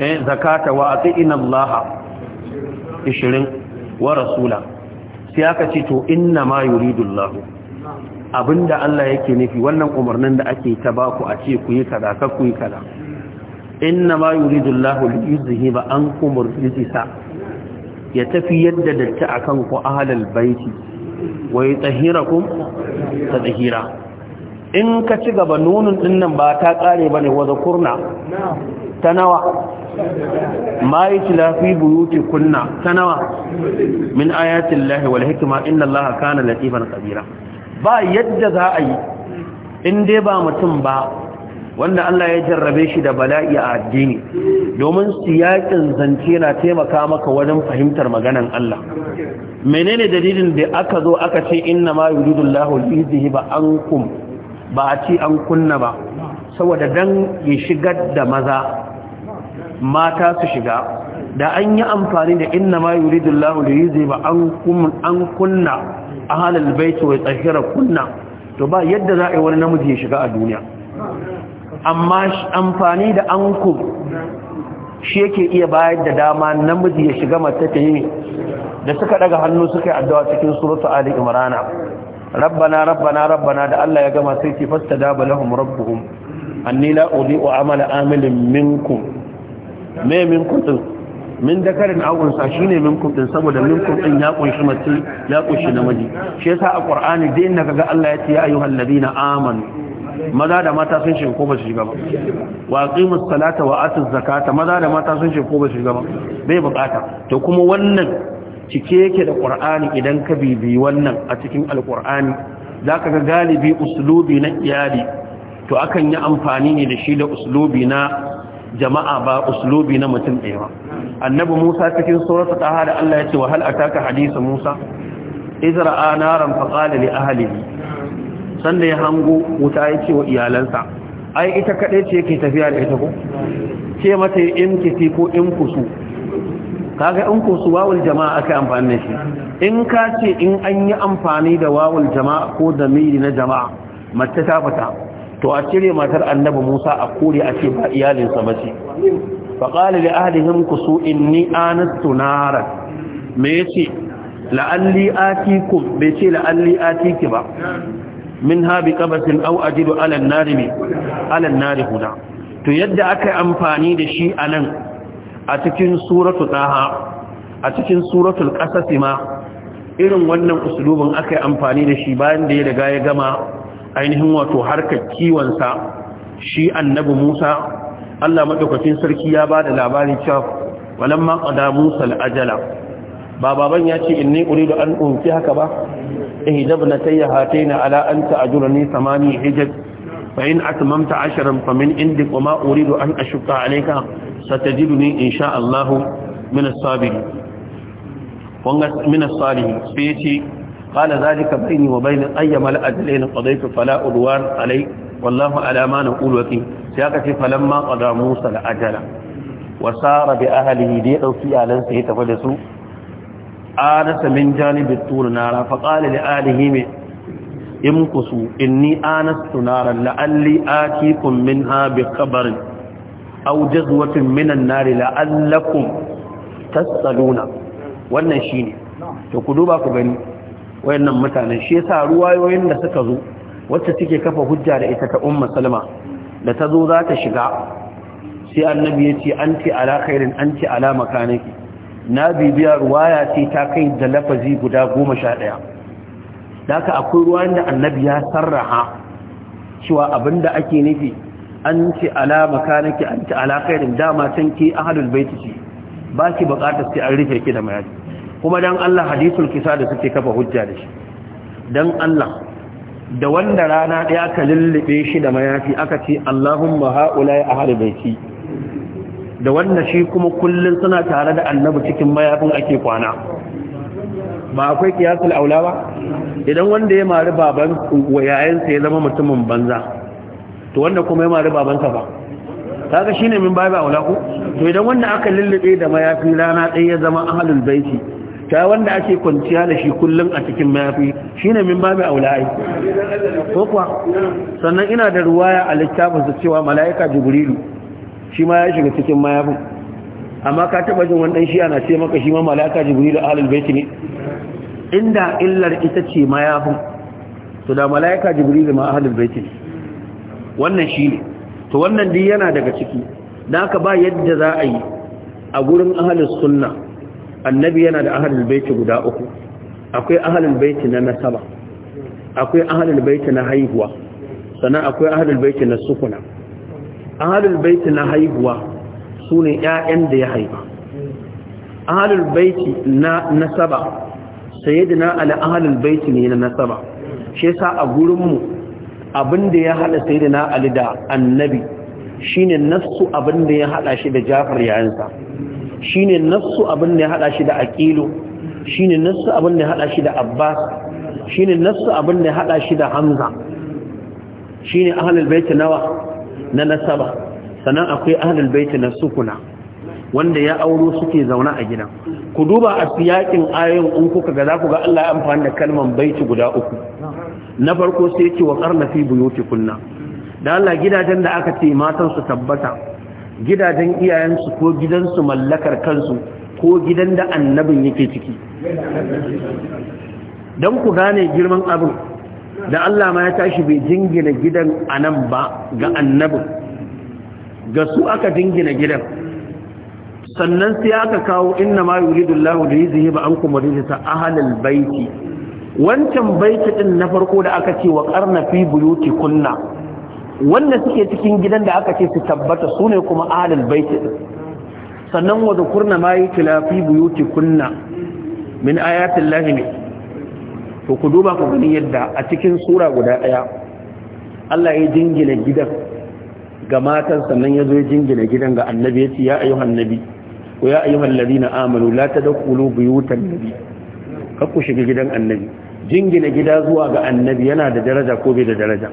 زكاة وأطئنا الله إشرين ورسولا سياكة تو إنما يريد الله abinda Allah yake nufi wannan umarnin da ake ta ba ku a ce ku yi kaza ka ku yi kaza inna ma yuridu Allahu li yuzhiba ankum rijsa ya tafi yadda datti akan ku ahlal baiti wa yutahhirakum tadhhira in ka ci gaba nunun dinnan ba ta kare bane wa zakurna ta nawa ما يتلى في بيوتكن تنوى من آيات الله والحكمة إن الله كان لطيفا خبيرا ba yadda za a yi in dai ba mutum ba wanda Allah ya jarrabe shi da bala'i a addini domin siyakin zance na taimaka maka wajen fahimtar maganan Allah menene dalilin da aka zo aka ce inna ma yuridullahu al-izhi An-kum ba a ci an kunna ba saboda dan ya shigar da maza mata su shiga da an yi amfani da inna ma yuridullahu al-izhi ba an kunna ahalal baiti wa tsahira kunna to ba yadda za a yi wani namiji ya shiga a duniya amma amfani da anko shi yake iya bayar da dama namiji ya shiga mace ta yi da suka daga hannu suka yi addu'a cikin suratu ali imrana rabbana rabbana rabbana da Allah ya gama sai ce da lahum rabbuhum annila la udi'u amala amilin minkum me minkum min dakarin awunsa shine min kudin saboda min kudin ya kunshi mace ya kunshi namiji shi yasa a qur'ani dai inda ga Allah ya ce ya ayyuhal ladina amanu maza da mata sun shiga ko ba su shiga ba wa aqimus salata wa atuz zakata maza da mata sun shiga ko ba su shiga ba bai bukata to kuma wannan cike yake da qur'ani idan ka bibi wannan a cikin alqur'ani zaka ga galibi uslubi na iyali to akan yi amfani ne da shi da uslubi na jama'a ba uslubi na mutum ɗaya ba annabi musa cikin surata taha da allah ya ce wa a taka hadisa musa izra'a naran faƙali li ahalihi sanda ya hango wuta ya ce wa iyalansa ai ita kaɗai ce yake tafiya da ita ko ce mata in kifi ko in kusu kaga in kusu wawul jama'a aka amfani da shi in ka ce in an yi amfani da wawul jama'a ko da miri na jama'a mace ta fata. to a cire matar annabi Musa a kore a ce ba iyalinsa ba ce fa qala li ahlihim kusu inni anastu naran me yace la'alli atikum bai ce la'alli atiki ba minha bi qabatin aw ajidu ala an-nari ala an-nari huna to yadda aka amfani da shi anan a cikin suratu taha a cikin suratul qasas ma irin wannan uslubin aka amfani da shi bayan da ya riga ya gama ainihin wato harkar kiwonsa shi annabi musa allah maɗaukacin sarki ya ba da cewa walamma ƙada musa ba baban ya ce inni uridu an unki haka ba ihjab na tayya hataina ala anta ajurani samani hijab fa in atmamta fa min indi kuma uridu an ashqa alayka satajiduni insha Allah min as-sabirin wanga min as-salihin sai قال ذلك بيني وبين أيما الأجلين قضيت فلا أدوان علي والله على ما نقول وكي سياقتي فلما قضى موسى الأجل وسار بأهله ديئوا في أهلا سيتفدسوا آنس من جانب الطول نارا فقال لآله امكسوا إني آنست نارا لعلي آتيكم منها بخبر أو جزوة من النار لعلكم تسألون wannan shine to ku duba ku gani wayannan mutanen shi yasa ruwayoyin da suka zo wacce suke kafa hujja da ita ta umma salma da ta zo za ta shiga sai annabi ya ce an ce ala khairin an ce ala makaniki na bibiya ruwaya ce ta kai da lafazi guda goma sha ɗaya da akwai ruwayan da annabi ya sarraha cewa abinda ake nufi an ce ala makaniki an ce ala khairin dama can ke ahalul baiti baki bukatar sai an rufe ki da mayaji kuma dan Allah hadisul kisa da suke kafa hujja da shi dan Allah da wanda rana ɗaya ka lullube shi da mayafi aka ce Allahumma haula ya ahli baiti da wanda shi kuma kullun suna tare da annabi cikin mayafin ake kwana ba akwai kiyasul aula ba idan wanda ya mari baban wayayensa ya zama mutumin banza to wanda kuma ya mari babansa ba kaga shine min bai ba aula ko to idan wanda aka lullube da mayafi rana ɗaya ya zama ahlul baiti ta wanda ake kwanciya da shi kullum a cikin mayafi ne min babu aulai ko kuwa sannan ina da ruwaya a littafin su cewa malaika jibrilu shi ma ya shiga cikin mayafin amma ka taba jin wannan shi ana ce maka shi ma malaika jibrilu ahlul bait ne inda illar ita ce mayafin to da malaika jibrilu ma ahlul bait ne wannan shi ne to wannan dai yana daga ciki dan ka ba yadda za a yi a gurin ahlus sunna annabi yana da ahalin baiti guda uku akwai ahalin baiti na nasaba akwai ahalin baiti na haihuwa sannan akwai ahalin baiti na sukuna Ahalin baiti na haihuwa sune ƴaƴan da ya haifa Ahalin baiti na nasaba sayyidina ala ahalin baiti ne na nasaba shi yasa a gurinmu mu abinda ya hada sayyidina ali da annabi shine nafsu abinda ya haɗa shi da jafar yayansa shine nafsu abin da ya hada shi da aqilu shine nafsu abin da ya hada shi da abbas shine nafsu abin da ya hada shi da hamza shine ahlul bait nawa na nasaba sannan akwai ahlul bait na sukuna wanda ya auro suke zauna a gidan ku duba a siyakin ayoyin in kuka ga za ku ga Allah ya amfani da kalman baiti guda uku na farko sai yake wa karna fi kunna. da Allah gidajen da aka ce matan su tabbata gidajen iyayensu ko gidansu mallakar kansu ko gidan da annabin yake ciki don ku gane girman abin da Allah ma ya tashi bai jingina gidan anan ba ga annabin ga su aka jingina gidan sannan sai aka kawo inna ma yuridullahu da yuzhi ba an kuma rijta ahlal baiti wancan baiti din na farko da aka ce wa qarna ki kunna. wanda suke cikin gidan da aka ce su tabbata su ne kuma ahlul baiti sannan wa dhukurna ma yutla fi kunna min ayatin lahi ne to ku duba ku gani yadda a cikin sura guda daya Allah ya jingina gidan ga matan sannan ya zo ya jingina gidan ga annabi ya ce ya ayyuhan nabi ku ya ayyuhan ladina amanu la tadkhulu buyutan nabi kakku shiga gidan annabi jingina gida zuwa ga annabi yana da daraja ko bai da daraja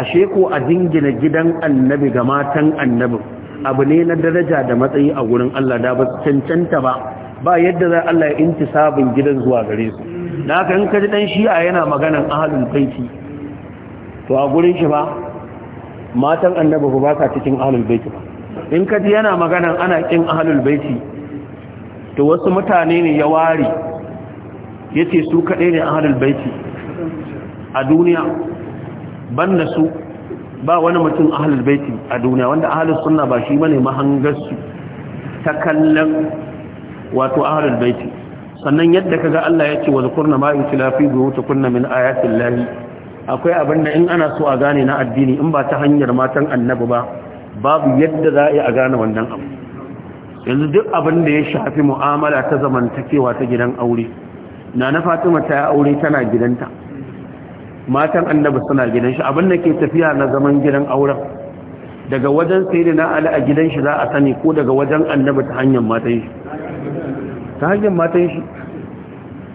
ashe ko a dingina gidan annabi ga matan annabin abu ne na daraja da matsayi a gurin Allah da ba cancanta ba ba yadda za Allah ya inci intisabin gidan zuwa gare su da haka in ka ji dan shi'a yana maganan ahalin baiti to a gurin shi ba matan annabi ba ka cikin ahalin baiti ba in ka ji yana maganan ana kin ahalin baiti to wasu mutane ne ya ware yace su kadai ne ahalin baiti a duniya banda su ba wani mutum ahlul baiti a duniya wanda ahlus suna ba shi bane mahangarsu ta kallon wato ahlul baiti sannan yadda ka ga Allah ya ce wa zakurna ma ga wuce kunna min ayatil lahi akwai abin da in ana so a gane na addini in ba ta hanyar matan annabi ba babu yadda za a gane wannan abu yanzu duk abin da ya shafi mu'amala ta zamantakewa ta gidan aure na na Fatima ta aure tana gidanta matan annabi suna gidan shi abin da ke tafiya na zaman gidan auren daga wajen na ala a gidan shi za a sani ko daga wajen annabi ta hanyar matan shi ta hanyar matan shi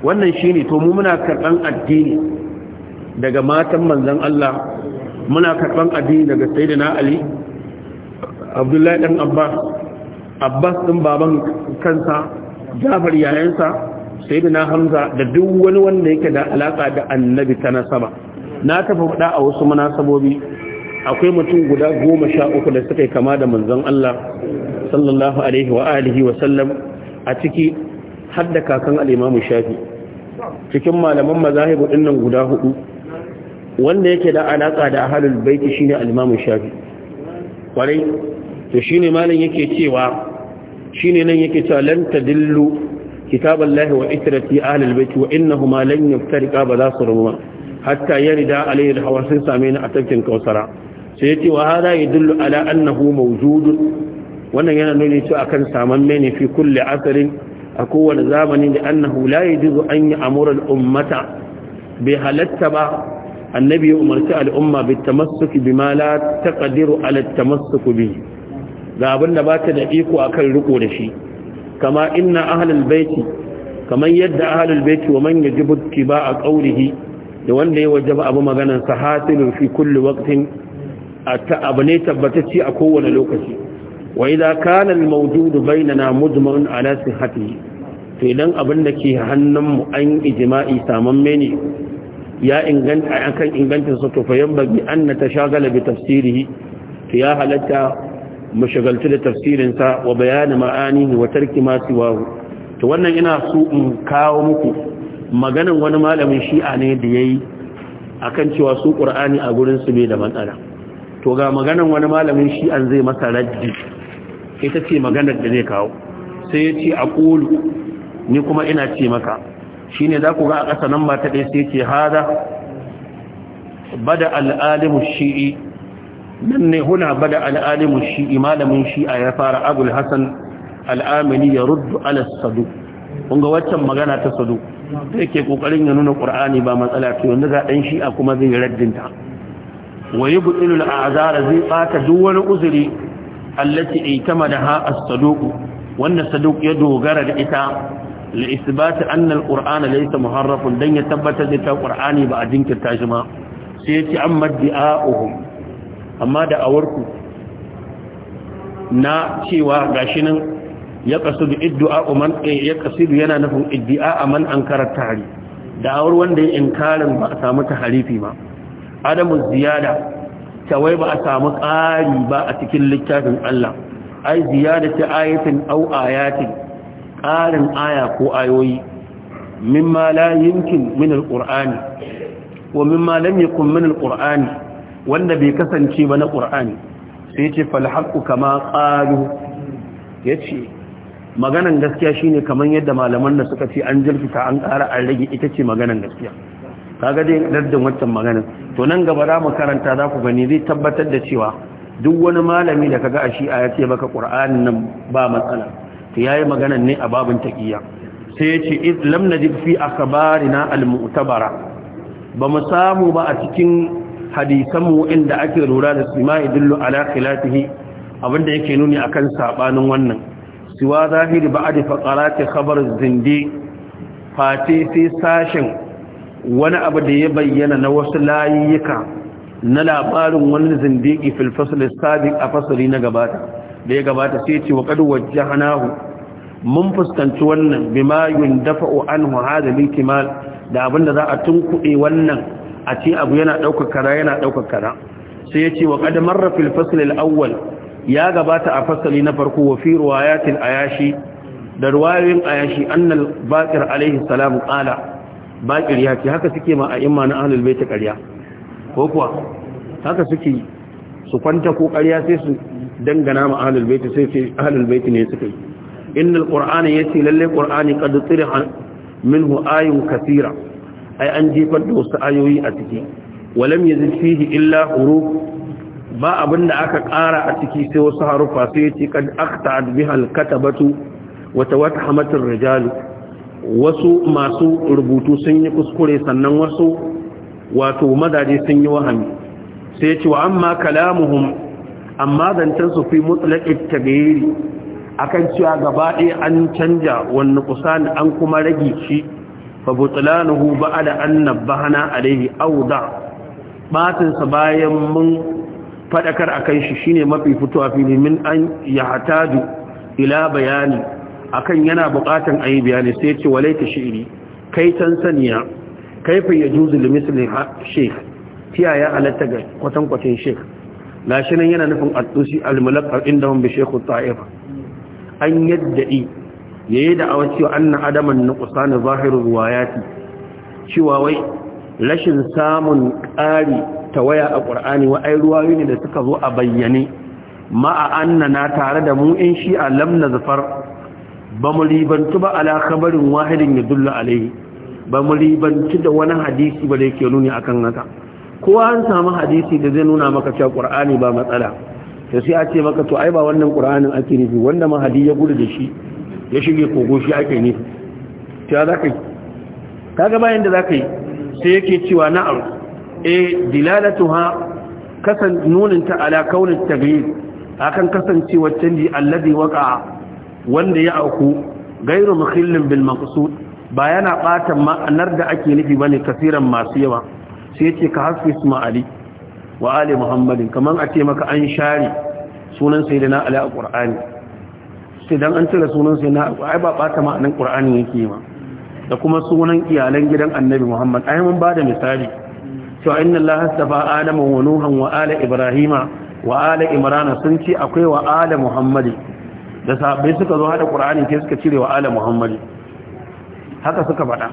wannan ne to mu muna karɓan addini daga matan manzan Allah muna karɓan addini daga na ali abdullahi ɗan abbas abbas ɗin baban kansa jafar yayansa sayyidina hamza da duk wani wanda yake da alaka da annabi ta nasaba na tafi faɗa a wasu munasabobi akwai mutum guda goma sha uku da suka yi kama da manzon Allah sallallahu alaihi wa alihi wa sallam a ciki har da kakan al Shafi cikin malaman mazahibu dinnan guda hudu wanda yake da alaka da ahlul bait shine al Shafi kwarai to shine malam yake cewa shine nan yake cewa lan tadillu kitaballahi wa itrati ahlul bait wa innahuma lan yaftariqa ba za su ba. hatta yarida alayhi alhawa sun same ni a tafkin kausara sai yace wahala ya yadullu ala annahu mawjud wannan yana nuni cewa akan samamme ne fi kulli asrin a kowane zamani da annahu la yajuzu an yi ummata bai halatta ba annabi ya umarci al'umma bi tamassuki bima la taqdiru ala tamassuku bi ga abin da bata da iko akan riko da shi kama inna ahlul baiti kamar yadda ahlul baiti wa man ba a qawlihi da wanda ya wajaba abu maganan sa hasilun fi kulli waqtin abu ne tabbatacci a kowane lokaci wa idza kana al na bainana mujma'un ala sihhatihi to idan abin da ke hannun mu an ijma'i samamme ne ya inganta akan ingancin sa to fa yambagi an natashagala bi tafsirihi to ya halatta mu shagaltu da tafsirinsa wa bayani ma'anihi wa tarki ma siwahu to wannan ina so in kawo muku maganan wani malamin shi'a ne da yayi akan cewa su qur'ani a gurin su bai da matsala to ga maganan wani malamin shi'an zai masa raddi ita ce maganar da zai kawo sai ya ce aqulu ni kuma ina ce maka shine za ku ga a ƙasa nan ba ta ɗaya sai ce hada bada al-alimu shi'i nan ne huna bada al'alimu shi'i malamin shi'a ya fara abul hasan al'amini ya ruddu ala sadu kunga waccan magana ta sadu da yake ƙoƙarin ya nuna qur'ani ba matsala to yanzu ga dan shi'a kuma zai raddinta wa yubtilu al'azara zai bata duk wani uzuri allati ha a saduq wanda saduq ya dogara da ita li isbat anna al-qur'ana laysa muharrafun dan ya tabbatar da ta qur'ani ba a jinkirta shi ma sai ya ci amma di'a'uhum amma da awarku na cewa gashi nan ya kasu da iddu'a man eh, ya kasu yana nufin iddu'a man an karanta hari da awar wanda ya inkarin ba a samu taharifi ba adamu ziyada ta wai ba a samu ƙari ba a cikin littafin Allah ai ziyada ta ayatin au ayatin ƙarin aya ko ayoyi mimma la yumkin min alqur'ani wa mimma lam yakun min alqur'ani wanda bai kasance ba na ƙur'ani sai ce falhaku kama ƙalu ya ce maganan gaskiya shine kamar yadda malaman da suka ce an jirkita an ƙara an rage ita ce maganan gaskiya kaga dai daddin wancan maganan to nan gaba za mu karanta za ku gani zai tabbatar da cewa duk wani malami da ka ga a shi'a ya ce maka ƙur'anin nan ba matsala to yi maganan ne a babin taƙiyya sai ya ce lam najib fi akhbarina al-mu'tabara ba mu samu ba a cikin hadisan mu inda ake lura da su ma ala khilatihi abinda yake nuni akan sabanin wannan siwa zahiri ba'd faqarati khabar zindi fati fi sashin wani abu da ya bayyana na wasu layika na labarin wani zindiki fil fasl sabiq a fasali na gabata da ya gabata sai ce wa qad wajjahnahu mun fuskanci wannan bima yundafa'u anhu hadha al-kimal da abinda za a tunkuɗe wannan a ce abu yana ɗaukar kara yana ɗaukar kara sai ya ce wa ƙada marra fil awwal ya gabata a fasali na farko wa fi ruwayatil ayashi da ruwayoyin ayashi annal baqir alaihi salam ƙala baqir ya ce haka suke ma a a'imma na ahlul ta ƙarya ko kuwa haka suke su kwanta ko ƙarya sai su dangana ma ahlul bait sai su ahlul bait ne suka yi innal ya ce lallai qur'ani kadu tiriha minhu ayun kathira ai an jefar da wasu ayoyi a ciki walam yanzu fihi illa huruf ba abin da aka ƙara a ciki sai wasu harufa sai ce kad akta biha al-katabatu wa tawathamat ar wasu masu rubutu sun yi kuskure sannan wasu wato madaje sun yi wahami sai ce wa amma kalamuhum amma zantan su fi mutlaq ta akan cewa gaba ɗaya an canja wannan kusan an kuma rage shi fabutulanuhu ba a da annab ba hana a daihi auda batinsa bayan mun faɗakar a kan shine mafi fitowa filimin min an ya hata ila bayani akan yana bukatan a bayani sai ce walaita shi'iri kai can saniya kaifin ya juzu da misalin sheik fiya ya halatta ga kwatankwacin sheik gashi nan yana nufin a tsusi almulakar inda mun bi sheikun ta'ifa an yadda'i yayi da awa cewa anna adaman nuqsan zahiru riwayati cewa wai rashin samun ƙari waya a ƙur'ani wa ai ruwayoyi ne da suka zo a bayyane Anna na tare da mu in shi a lamna zafar ba mu ribantu ba ala kabarin wahidin ya dulla alaihi ba mu ribantu da wani hadisi ba da yake nuni akan haka kowa an samu hadisi da zai nuna maka cewa ƙur'ani ba matsala to sai a ce maka to ai ba wannan ƙur'anin ake nufi wanda mahadi ya gudu da shi ya shige kogo shi ake ne ta za ka yi kaga bayan da za ka yi sai yake cewa na'am e eh, dilalatu ha kasan nuninta ala kaunin tabiir akan kasancewar canji alladhi waka wanda ya auku gairu mukhillin bil maqsud ba yana bata ma'anar da ake nufi ba ne kasiran masu yawa sai ce ka hasbi isma ali wa ali muhammadin kaman a ce maka an share sunan na ali a Kur'ani. sai an cire sunan sai na ai ba ƙur'ani ma'anin qur'ani yake ma da kuma sunan iyalan gidan annabi muhammad ai mun bada misali cewa inna allaha astafa adama wa nuhan wa ala ibrahima wa ala imrana sun ce akwai wa ala muhammadi da sahabbai suka zo hada ƙur'ani ce suka cire wa ala muhammadi haka suka faɗa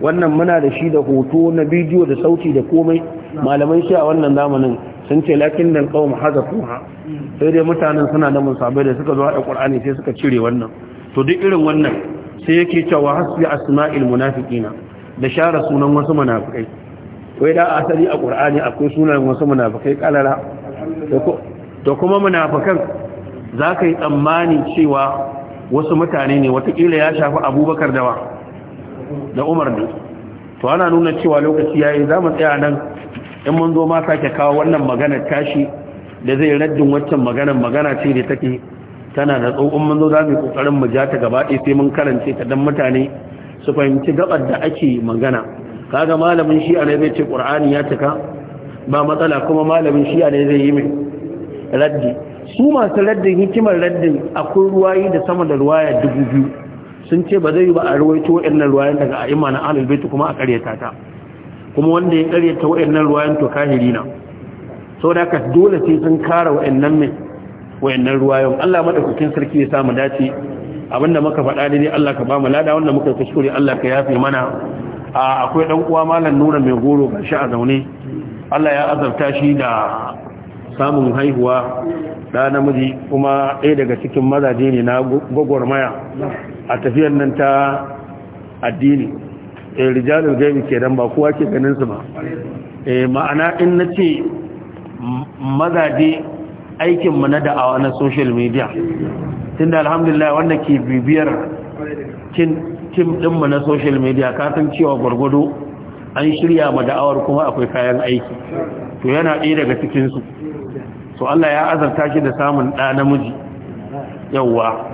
wannan muna da shi da hoto na bidiyo da sauti da komai malamai shi a wannan zamanin sun ce lakin nan kawo mahazafuha sai dai mutanen suna da musamman da suka zo haɗa ƙwar'ani sai suka cire wannan to duk irin wannan sai yake cewa hasbi asma'il munafiqina da share sunan wasu munafikai wai da asali a ƙwar'ani akwai sunan wasu munafikai kalara to kuma munafikan za ka yi tsammani cewa wasu mutane ne watakila ya shafi abubakar dawa da umar ne to ana nuna cewa lokaci ya yi za mu tsaya nan in mun zo ma sake kawo wannan magana tashi da zai raddin waccan magana magana ce da take tana da tsohon mun zo za mu kokarin mu ja ta gaba ɗaya sai mun karance ta dan mutane su fahimci gabar da ake magana kaga malamin shi'a ne zai ce qur'ani ya cika ba matsala kuma malamin shi'a ne zai yi mai raddi su masu raddin hikimar raddin akwai ruwayi da sama da ruwaya dubu biyu sun ce ba zai yi ba a ruwaito wa'annan ruwayan daga a'imma na ahlul bait kuma a karyata ta kuma wanda ya ta waɗannan ruwayan to kahiri na sau da ka dole sai sun kara waɗannan mai waɗannan ruwayan Allah madaukakin sarki ya samu dace abinda muka faɗa ne Allah ka ba mu lada wanda muka kuskure Allah ka yafe mana a akwai dan uwa malam nura mai goro shi a zaune Allah ya azabta shi da samun haihuwa da namiji kuma ɗaya daga cikin mazaje ne na gwagwarmaya a tafiyar nan ta addini eh rijalul gaibi kenan ba kowa ke ganin su ba eh ma'ana in nace mazaje aikin mu na da'awa na social media tunda alhamdulillah wanda ke bibiyar kin tim din mu na social media ka san cewa gurgudu an shirya ma da'awar kuma akwai kayan aiki to yana ɗaya daga cikin su so Allah ya azarta shi da samun ɗa namiji yawa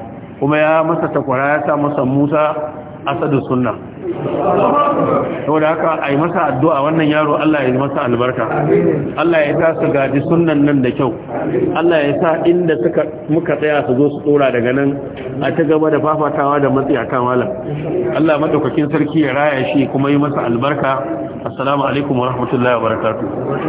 kuma ya masa takwara ya sa masa Musa asadu sunna saboda haka a yi masa addu'a wannan yaro Allah ya yi masa albarka Allah ya sa su gaji sunan nan da kyau Allah ya sa inda suka muka tsaya su zo su tsora daga nan a ta gaba da fafatawa da matsi a malam Allah madaukakin sarki ya raya shi kuma yi masa albarka assalamu alaikum wa rahmatullahi wa barakatuh